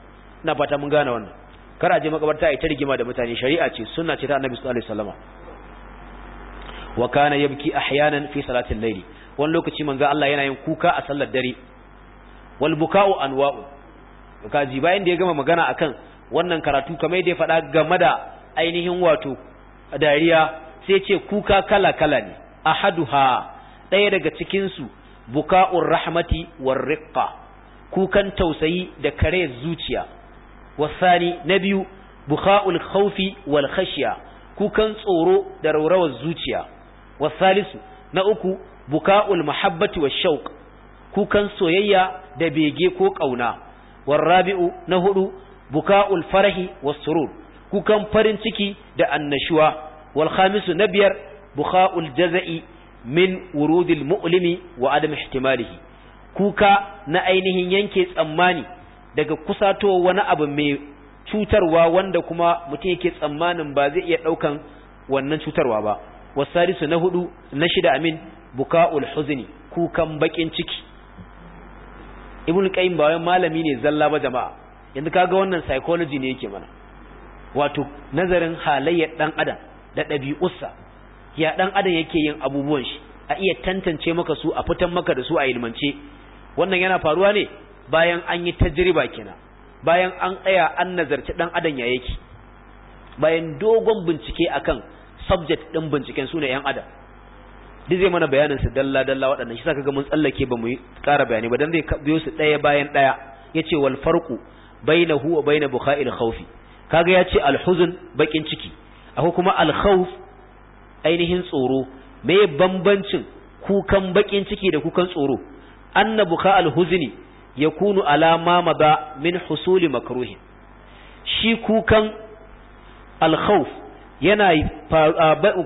Speaker 1: ina fata mun gane wannan kar a je makabarta ya ta rigima da mutane shari'a ce sunna ce ta annabi sallallahu alaihi wasallam wa kana yabki ahyanan fi salatil layli wani lokaci manzo Allah yana yin kuka a sallar dare wal buka'u anwa'u ji bayan da ya gama magana akan wannan karatu kamar da ya faɗa game da ainihin wato dariya sai ce kuka kala kala ne ahaduha ɗaya daga cikin su buka'ur rahmati war riqqa kukan tausayi da kare zuciya wasani na biyu bukha'ul khawfi wal kukan tsoro da raurawar zuciya wasalisu na uku buka'ul mahabbati wash shauq kukan soyayya da bege ko kauna warabi'u na hudu buka'ul farahi was surur kukan farin ciki da annashuwa wal khamisu na biyar bukha'ul jaza'i min wurudil mu'limi wa adam ihtimalihi kuka na ainihin yanke tsammani daga kusato wani abu mai cutarwa wanda kuma mutum yake tsammanin ba zai iya daukan wannan cutarwa ba wasarisu na hudu na shida amin buka'ul huzni kukan bakin ciki ibn qayyim ba wai malami ne zalla ba jama'a yanzu kaga wannan psychology ne yake mana wato nazarin halayyar dan adam da dabi'ussa ya dan adam yake yin abubuwan shi a iya tantance maka su a fitan maka da su a ilmance wannan yana faruwa ne bayan an yi tajriba kina bayan an tsaya an nazarci dan adam ya yake bayan dogon bincike akan subject din binciken su ne yan adam duk zai mana bayanin su dalla dalla waɗannan shi saka ga mun tsallake ba mu ƙara bayani ba dan zai biyo su ɗaya bayan ɗaya yace wal farqu bainahu wa bain bukha'il khawfi kaga yace al huzn bakin ciki akwai kuma al khawf ainihin tsoro me bambancin kukan bakin ciki da kukan tsoro anna al huzni yakunu ala ma maza min husuli makruhin shi kukan alkhawf yana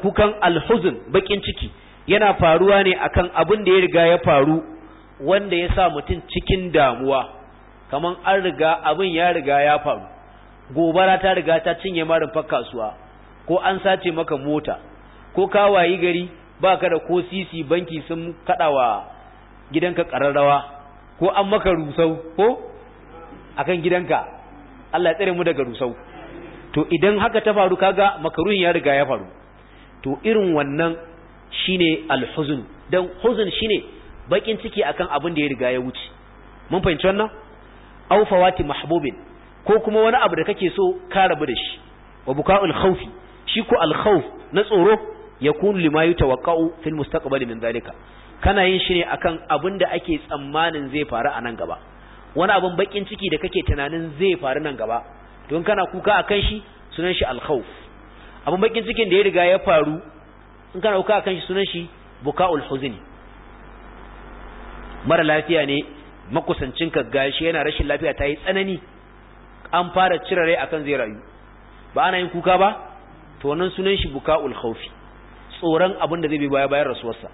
Speaker 1: kukan alhuzun bakin ciki yana faruwa ne akan abin da ya riga ya faru wanda ya sa mutum cikin damuwa kaman an riga abin ya riga ya faru gobara ta riga ta cinye marin kasuwa ko an sace maka mota ko ka wayi gari baka da ko sisi banki sun kadawa gidanka kararrawa ko an maka rusau ko akan gidanka Allah ya tsare mu daga rusau to idan haka ta faru kaga makaruhin ya riga ya faru to irin wannan shine alhuzun dan huzun shine bakin ciki akan abin da ya riga ya wuce mun fahimci wannan aw fawati mahbubin ko kuma wani abu da kake so ka rabu da shi wa buka'ul khawfi shi ko alkhawf na tsoro yakun lima yutawaqqa'u fil mustaqbali min zalika kana yin shi ne akan abin da ake tsammanin zai faru a nan gaba wani abin bakin ciki da kake tunanin zai faru nan gaba don kana kuka akan shi sunan shi alkhawf abin bakin cikin da ya riga ya faru in kana kuka akan shi sunan shi buka'ul huzni mara lafiya ne makusancin ka gashi yana rashin lafiya ta yi tsanani an fara cire rai akan zai rayu ba ana yin kuka ba to wannan sunan shi buka'ul khawfi tsoron abin da zai bi baya bayan rasuwarsa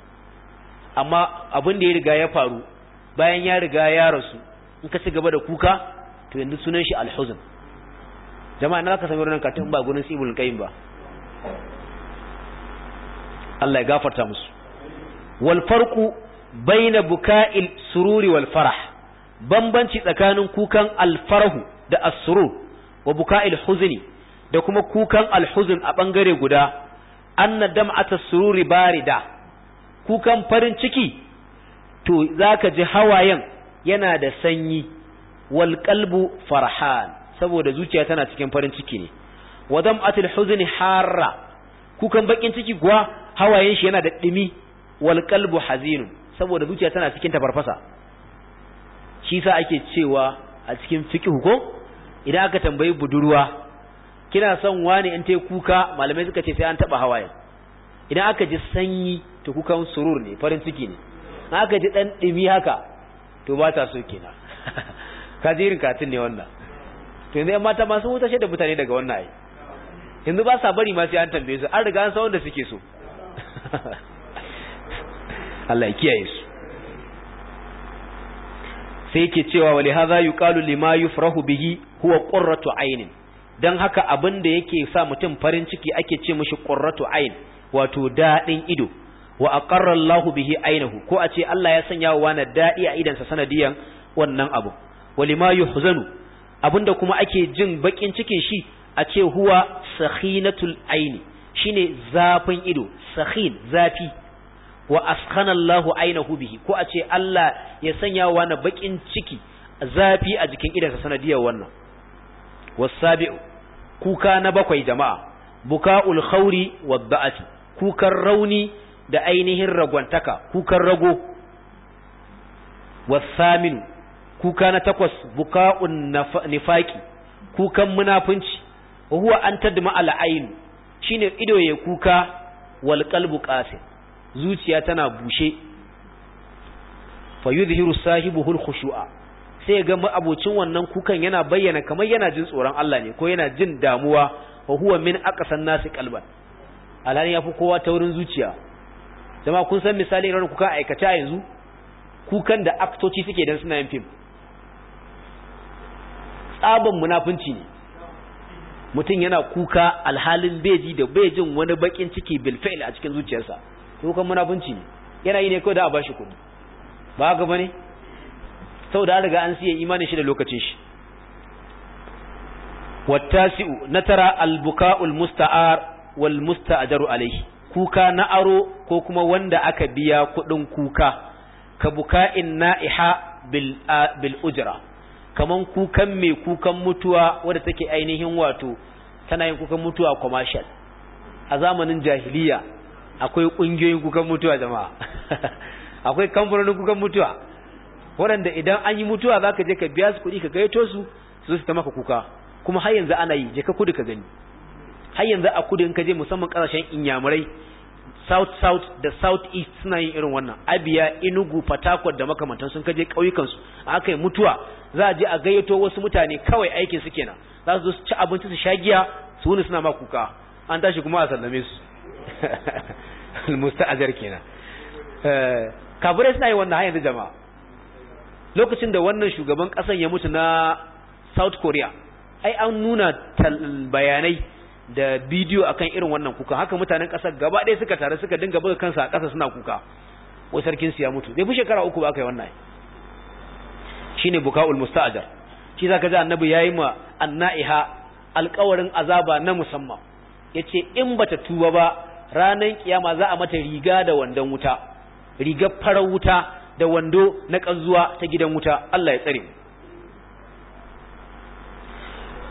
Speaker 1: amma abin da ya riga ya faru bayan ya riga ya rasu in ka ci gaba da kuka to yanzu sunan shi alhuzn jama'a na ka sami wannan tun ba gurin sibul ba Allah ya gafarta musu wal farqu baina buka'il sururi wal farah bambanci tsakanin kukan alfarhu da asuru wa buka'il huzni da kuma kukan alhuzn a bangare guda an anna dam'ata sururi barida kukan farin ciki to zaka ji hawayen yana da sanyi wal qalbu farhan saboda zuciya tana cikin farin ciki ne wa dam'atul huzni harra kukan bakin ciki kuwa hawayen shi yana da dimi wal qalbu hazin saboda zuciya tana cikin tafarfasa shi sa ake cewa a cikin fiqh ko idan aka tambayi budurwa kina son wani in kuka malamai suka ce sai an taba hawayen idan aka ji sanyi to kukan surur ne farin ciki ne aka ji dan dimi haka to ba ta so kenan (laughs) ka ji irin katin ne wannan to yanzu mata ma sun hutashe da mutane daga wannan ai yanzu ba sa bari ma sai an tambaye su an riga an san wanda suke so (laughs) Allah ya kiyaye su sai yake cewa wa hadha yuqalu lima yufrahu bihi huwa qurratu ainin dan haka abin da yake sa mutum farin ciki ake ce mishi qurratu ain wato daɗin ido wa aqarra Allah bihi ainihu ko a ce Allah ya sanya wa wani daɗi a idansa sanadiyan wannan abu walima yuhzanu abinda kuma ake jin baƙin cikin shi a ce huwa sakhinatul aini shine zafin ido sakhin zafi wa askhana Allah ainahu bihi ko a ce Allah ya sanya wa na bakin ciki zafi a jikin idansa sanadiyan wannan wasabi'u kuka na bakwai jama'a buka'ul khawri wa ba'ati kukan rauni da ainihin ragwantaka kukan rago wasamin kuka na takwas buka'un nifaki kukan munafunci huwa an tadma al'ain shine ido ya kuka wal qalbu qasir zuciya tana bushe Fa yudhiru sahibuhu al-khushu'a sai ga abocin wannan kukan yana bayyana kamar yana jin tsoron Allah ne ko yana jin damuwa wa huwa min aqsan nasi qalban alhali ya fi kowa ta wurin zuciya zama kun san misali irin kuka aikace yanzu kukan da aktoci suke dan suna yin fim tsaban munafunci ne mutum yana kuka alhalin beji da bejin wani bakin ciki bilfail a cikin zuciyarsa kukan munafunci ne yana yi ne kawai da a bashi kuɗi ba ga bane sau da riga an siya imanin shi da lokacin shi si'u na tara albuka'ul musta'ar wal musta'jaru alaihi kuka na aro ko kuma wanda aka biya kuɗin kuka ka buka'in na'iha bil bil ujra kaman kukan mai kukan mutuwa wadda take ainihin wato tana yin kukan mutuwa commercial a zamanin jahiliya akwai ƙungiyoyin kukan mutuwa jama'a (laughs) akwai kamfanonin kukan mutuwa waɗanda idan an yi mutuwa za ka je ka biya su kuɗi ka gaito su su su ta maka kuka kuma har yanzu ana yi je ka kudu ka gani har yanzu a kudu in ka je musamman kasashen inyamurai south south da south east suna yin irin wannan abiya inugu fatakwal da makamantan sun kaje ƙauyukansu aka yi mutuwa za a je a gayyato wasu mutane kawai aikin su kenan za su ci abinci su sha giya su wuni suna ma kuka an tashi kuma a sallame su (laughs) almusta'azar kenan eh, kafirai suna yi wannan har yanzu jama'a lokacin da wannan shugaban kasan ya mutu na south korea ai an nuna bayanai da bidiyo akan irin wannan kuka haka mutanen kasar gaba ɗaya suka tare suka dinga buga kansa a ƙasa suna kuka wai sarkin su ya mutu zai fi shekara uku ba aka yi wannan shine buka'ul musta'jar shi ka ji annabi ya yi ma annaiha alƙawarin azaba na musamman ya ce in bata tuba ba ranar kiyama za a mata riga da wandon wuta rigar farar wuta da wando na kanzuwa ta gidan wuta Allah ya tsare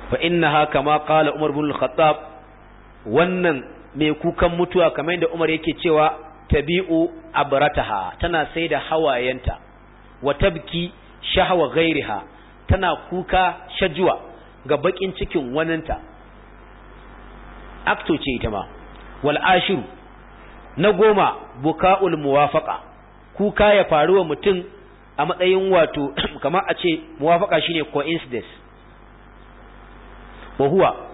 Speaker 1: fa innaha kama qala Umar bin al-Khattab wannan mai kukan mutuwa kamar yadda Umar yake cewa tabi'u abrataha tana sai da hawayenta wa tabki shahwa ghairiha tana kuka shajuwa ga bakin cikin waninta akto ce ita ma wal ashiru na goma buka'ul muwafaqa kuka ya faru wa mutum a matsayin wato (clears throat) kamar a ce muwafaqa shine coincidence wa huwa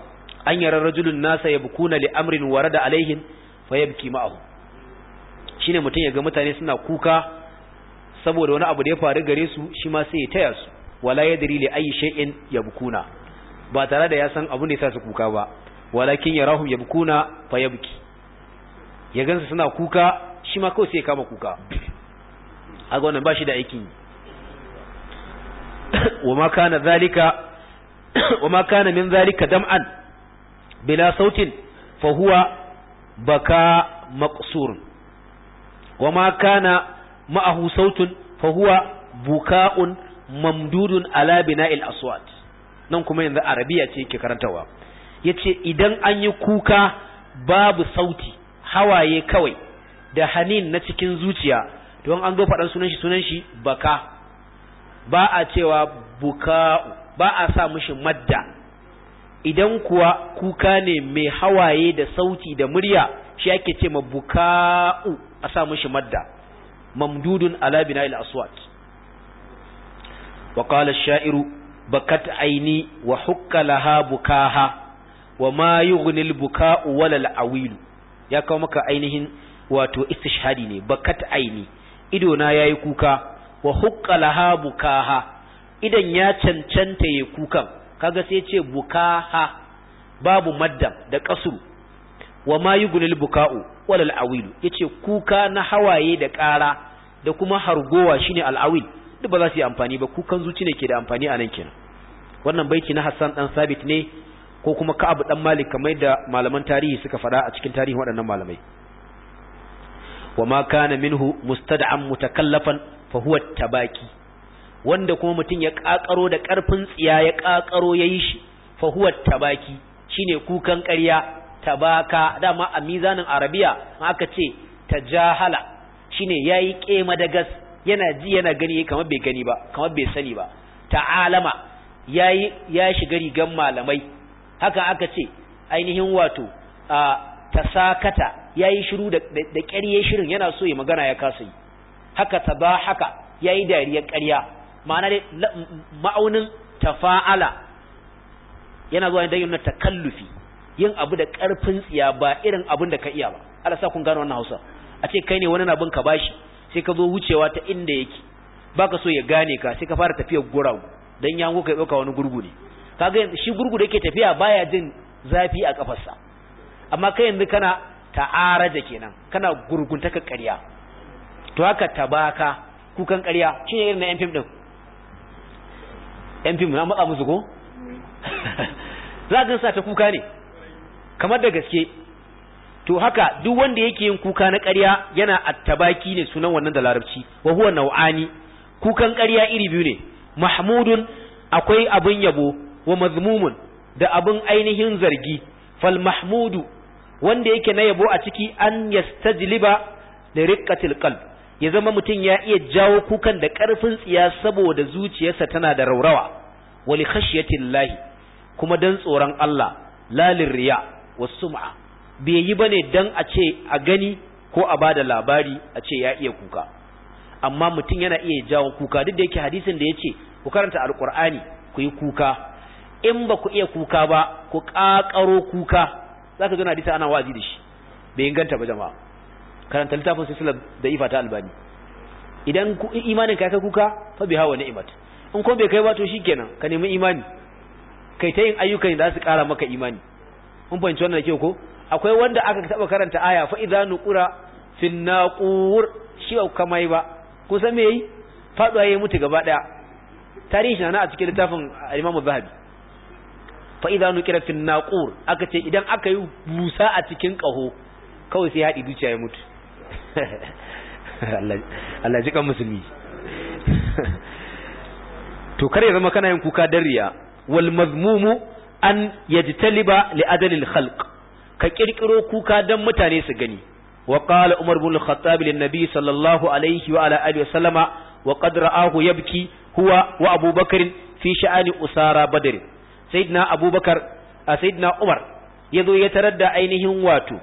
Speaker 1: an yara rajulun nasa bukuna li amrin warada alaihim fayabki ma'ahu ne mutum yaga mutane suna kuka saboda wani abu da ya faru gare su shi ma sai ya taya su wala yadri li ayi ya bukuna. ba tare da ya san abu ne yasa su kuka ba walakin ya bukuna fayabki ya gansa suna kuka shi ma kawai sai ya kama kuka A ga wannan ba shi da aikin (coughs) wa ma kana zalika (coughs) wa ma kana min zalika dam'an bila sautin fa huwa baka maqsur wa ma kana ma'ahu sautun fa buka'un mamdudun ala bina'il aswat nan kuma yanzu arabiya ce yake karantawa yace idan an yi kuka babu sauti hawaye kawai da hanin na cikin zuciya don an zo faɗan sunan shi sunan shi baka ba a cewa buka'u ba a sa mishi madda idan kuwa kuka ne mai hawaye da sauti da murya shi ake ce ma buka'u a sa shi madda mamdudun ala bina'il aswat wa qala ash-sha'iru bakat aini wa hukka laha bukaha wa ma yughni bukau wala al-awil ya kawo maka ainihin wato istishhadi ne bakat aini ido na yayi kuka wa hukka laha bukaha idan ya cancanta yayi kukan kaga sai ce bukaha babu madda da kasru wa ma yughnil buka'u walal awilu yace kuka na hawaye da ƙara da kuma hargowa shine al-awil duk ba za su yi amfani ba kukan zuci ne ke da amfani a nan kenan wannan baiti na Hassan dan Sabit ne ko kuma Ka'ab dan Malik kamar da malaman tarihi suka faɗa a cikin tarihin waɗannan malamai wa ma kana minhu mustad'an mutakallafan fa huwa tabaki wanda kuma mutum ya ƙaƙaro da ƙarfin tsiya ya ƙaƙaro ya yi shi huwa tabaki shine kukan ƙarya tabaka dama a mizanin arabiya aka ce tajahala shine yayi kema da gas yana ji yana gani kamar bai gani ba kamar bai sani ba ta'alama yayi ya shiga rigan malamai haka aka ce ainihin wato a tasakata yayi shiru da da shirin yana so ya magana ya kasa yi haka tabahaka yayi dariyar ƙarya ma'ana dai ma'aunin tafa'ala yana zuwa da yin takallufi yin abu da karfin tsiya ba irin abin da ka iya ba Allah sa kun gano wannan Hausa a ce kai ne wani na bin ka bashi sai ka zo wucewa ta inda yake baka so ya gane ka sai ka fara tafiya guragu dan yango kai dauka wani gurgu ne kaga shi gurgu da yake tafiya baya jin zafi a kafarsa amma kai yanzu kana ta'araja kenan kana gurgunta ka ƙarya to haka tabaka kukan shi ne irin na yan fim din yan fim na matsa musu ko za ka sa ta kuka ne kamar da gaske to haka duk wanda yake yin kuka na ƙarya yana attabaki ne sunan wannan da larabci wa nau'ani kukan ƙarya iri biyu ne mahmudun akwai abin yabo wa mazmumun da abin ainihin zargi fal mahmudu wanda yake na yabo a ciki an yastajliba da riqqatil qalb ya zama mutum ya iya jawo kukan da ƙarfin tsiya saboda zuciyarsa tana da raurawa wali lahi kuma dan tsoron Allah lalin riya was sum'a bai yi bane dan a ce a gani ko a ba da labari a ce ya iya kuka amma mutum yana iya jawo kuka duk da yake hadisin da ya ce ku karanta alqur'ani ku yi kuka in ba ku iya kuka ba ku ƙaƙaro kuka zaka ga hadisi ana wazi da shi bai inganta ba jama'a karanta littafin silsilar da ifa ta albani idan imanin ka kai kuka fa biha wa ni'mat in ko bai kai ba to shikenan ka nemi imani kai ta yin ayyukan da za su kara maka imani mun fahimci wannan kyau ko akwai wanda aka taba karanta aya fa idza nuqura fin naqur shi ba kamai ba kun san me yi faduwa yayi mutu gaba daya tarihi na a cikin littafin Imam Zahabi fa idza nuqira fin naqur aka ce idan aka yi busa a cikin kaho kawai sai ya hadi dukiya ya mutu (laughs) Allah ji kan musulmi (laughs) to kare zama kana yin kuka dan riya wal mazmumu an yajtaliba li adalil khalq ka kirkiro kuka dan mutane su gani wa qala umar ibn al-khattab lin nabi sallallahu alaihi wa ala alihi wa sallama wa qad ra'ahu yabki huwa wa abubakar fi sha'ani usara badr sayyidina abubakar a sayyidina umar yazo ya tarar da ainihin wato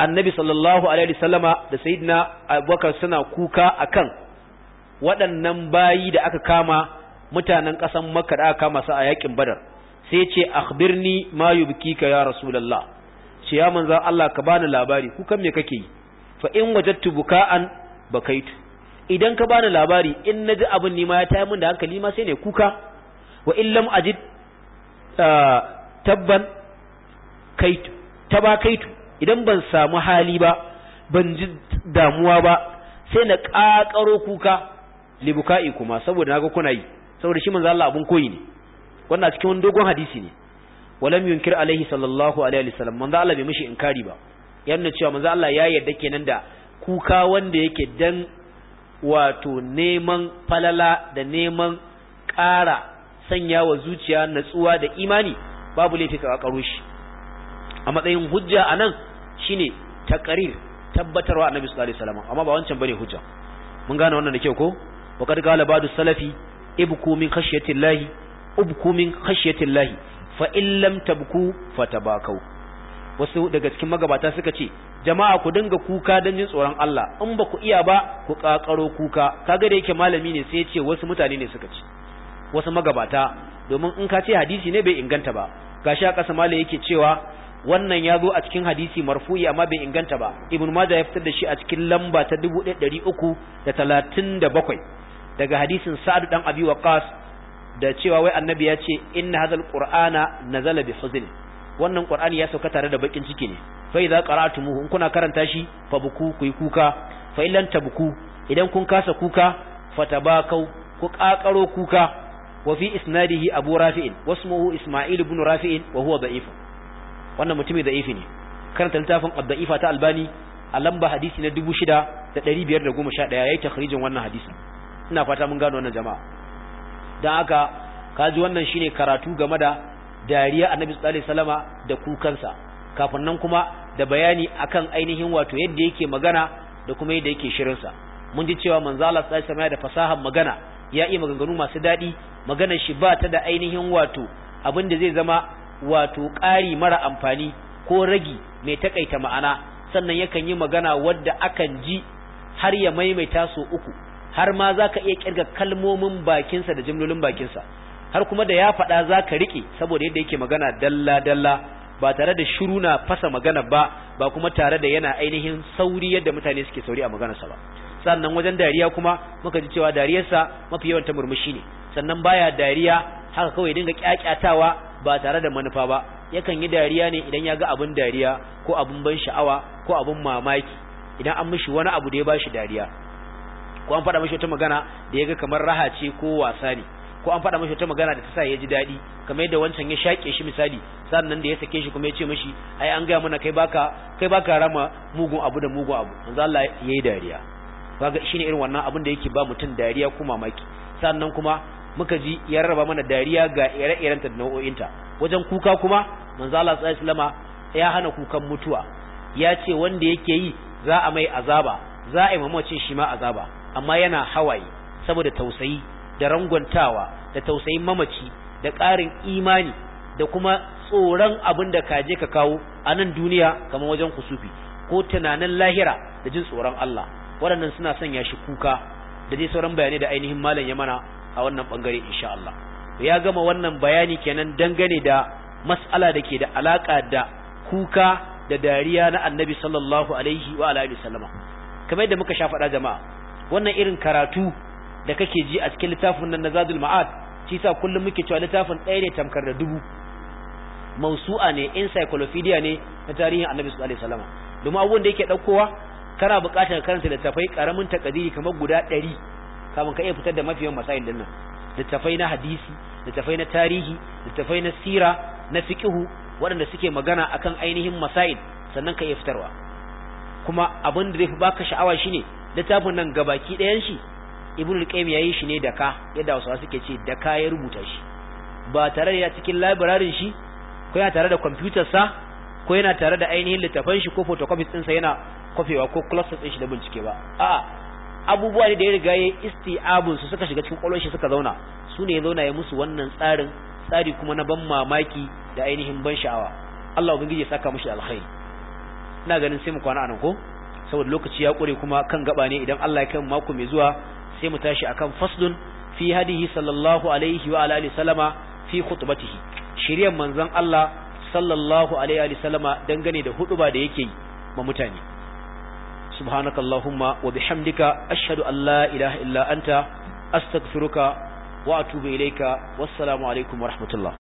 Speaker 1: annabi sallallahu alaihi wasallama da sayyidina abubakar suna kuka akan waɗannan bayi da aka kama mutanen ƙasan makka da aka kama su a yakin badar sai ce akhbirni ma yubkika ya rasulullah ce ya manzo Allah ka bani labari kukan me kake yi fa in wajadtu buka'an bakaitu idan ka bani labari in naji abin nema ya tayi min da hankali ma sai ne kuka wa in lam ajid ah, tabban kaitu tabakaitu idan ban samu hali ba ban ji damuwa ba sai na ƙaƙaro kuka libuka'i kuma saboda naga kuna yi saboda shi manzo Allah abun koyi ne wannan cikin wani dogon hadisi ne walam yunkir alaihi sallallahu alaihi wasallam manzo Allah bai mishi inkari ba yana cewa manzo Allah ya yarda kenan da kuka wanda yake dan wato neman falala da neman ƙara sanya wa zuciya natsuwa da imani babu laifi ka shi a matsayin hujja anan shine taqrir tabbatarwa annabi sallallahu alaihi wasallam amma ba wancan bane hujja mun gane wannan da kyau ko wa kad qala ba'du salafi ibku min khashyati llahi ubku min khashyati llahi fa in lam tabku fatabakau wasu daga cikin magabata suka ce jama'a ku dinga kuka dan jin tsoron Allah in ba ku iya ba ku kakaro kuka kaga da yake malami ne sai ya ce wasu mutane ne suka ce wasu magabata domin in ka ce hadisi ne bai inganta ba gashi a ƙasa malai yake cewa wannan ya zo a cikin hadisi marfu'i amma bai inganta ba ibnu majah ya fitar da shi a cikin lamba ta 1337 daga hadisin sa'ad dan abi waqas da cewa wai annabi ya ce inna hadzal qur'ana nazala bi huzn wannan qur'ani ya sauka tare da bakin ciki ne fa idza qara'tumuhu in kuna karanta shi fa buku ku yi kuka fa illan tabku idan kun kasa kuka fatabakau ku kakaro kuka wa fi isnadihi abu rafi'in wasmuhu isma'il ibn rafi'in wa huwa da'if wannan mutumin da ne karanta littafin ad-da'ifa ta albani a lamba hadisi na 6511 yi takhrijin wannan hadisin ina fata mun gano wannan jama'a dan haka kaji wannan shine karatu game da dariya annabi sallallahu alaihi salama da kukansa kafin nan kuma da bayani akan ainihin wato yadda yake magana da kuma yadda yake shirinsa mun ji cewa manzo Allah sallallahu sama da fasahar magana ya iya maganganu masu daɗi maganar shi ba ta da ainihin wato abin da zai zama wato ƙari mara amfani ko ragi mai takaita ma'ana sannan yakan yi magana wadda akan ji har ya maimaita so uku har ma za ka iya kirga kalmomin bakinsa da jimlolin bakinsa har kuma da ya faɗa za ka riƙe saboda yadda yake magana dalla-dalla ba tare da shiru na fasa magana ba ba kuma tare da yana ainihin sauri yadda mutane suke sauri a maganarsa ba sannan wajen dariya kuma muka ji cewa dariyarsa mafi yawan ta murmushi ne sannan baya dariya haka kawai dinga kyakyatawa ba tare da manufa ba yakan yi dariya ne idan ya ga abin dariya ko abin ban sha'awa ko abin mamaki idan an mishi wani abu da ya ba shi dariya ko an faɗa mishi wata magana da ya ga kamar raha ce ko wasa ne ko an faɗa mishi wata magana da ta sa ya ji daɗi kamar yadda wancan ya shaƙe shi misali sannan da ya sake shi kuma ya ce mishi ai an gaya mana kai baka kai baka rama mugun abu da mugun abu manzo Allah yayi dariya kaga shine irin wannan abin da yake ba mutum dariya ko mamaki sannan kuma muka ji ya rarraba mana dariya ga ire ta da nau'o'inta wajen kuka kuma manzo Allah sallallahu alaihi ya hana kukan mutuwa ya ce wanda yake yi za a mai azaba za a yi mamacin shi ma azaba amma yana hawaye saboda tausayi da rangwantawa da tausayin mamaci da ƙarin imani da kuma tsoron abin da kaje ka kawo a nan duniya kamar wajen kusufi ko tunanin lahira da jin tsoron Allah waɗannan suna sanya shi kuka da dai sauran bayanai da ainihin malam ya mana a wannan bangare insha Allah ya gama wannan bayani kenan dangane da mas'ala da ke da alaka da kuka da dariya na annabi sallallahu alaihi wa alihi sallama kamar yadda muka shafaɗa jama'a wannan irin karatu da kake ji a cikin littafin nan na Zadul Ma'ad shi sa kullum muke cewa littafin ɗaya ne tamkar da dubu mausu'a ne encyclopedia ne na tarihin annabi sallallahu alaihi sallama domin abubuwan da yake ɗaukowa kana buƙatar karanta littafai ƙaramin takadiri kamar guda ɗari kamun ka iya fitar da mafiyan masail din nan littafai na hadisi littafai na tarihi littafai na sira na fiqhu waɗanda suke magana akan ainihin masail sannan ka iya fitarwa kuma abin da zai fi baka sha'awa shine littafin nan gabaki ɗayan shi ibnu al-qayyim yayi shi ne da ka yadda wasu suke ce da ka ya rubuta shi ba tare da ya cikin labirarin shi ko yana tare da computer sa ko yana tare da ainihin littafan shi ko photocopy din sa yana kwafewa ko clusters din shi da bincike ba a'a abubuwa ne da ya riga ya isti'abun su suka shiga cikin kwallon shi suka zauna su ne ya zauna ya musu wannan tsarin tsari kuma na ban mamaki da ainihin ban sha'awa Allah ubangiji ya saka mushi alkhairi ina ganin sai mu kwana anan ko saboda lokaci ya kure kuma kan gaba ne idan Allah ya kai mako mai zuwa sai mu tashi akan faslun fi hadihi sallallahu alaihi wa alihi salama fi khutbatihi shiryan manzon Allah sallallahu alaihi wa sallama dangane da huduba da yake yi ma mutane subhanakallahumma wa bihamdika ashhadu an la ilaha illa anta astaghfiruka wa atubu ilayka wassalamu alaikum wa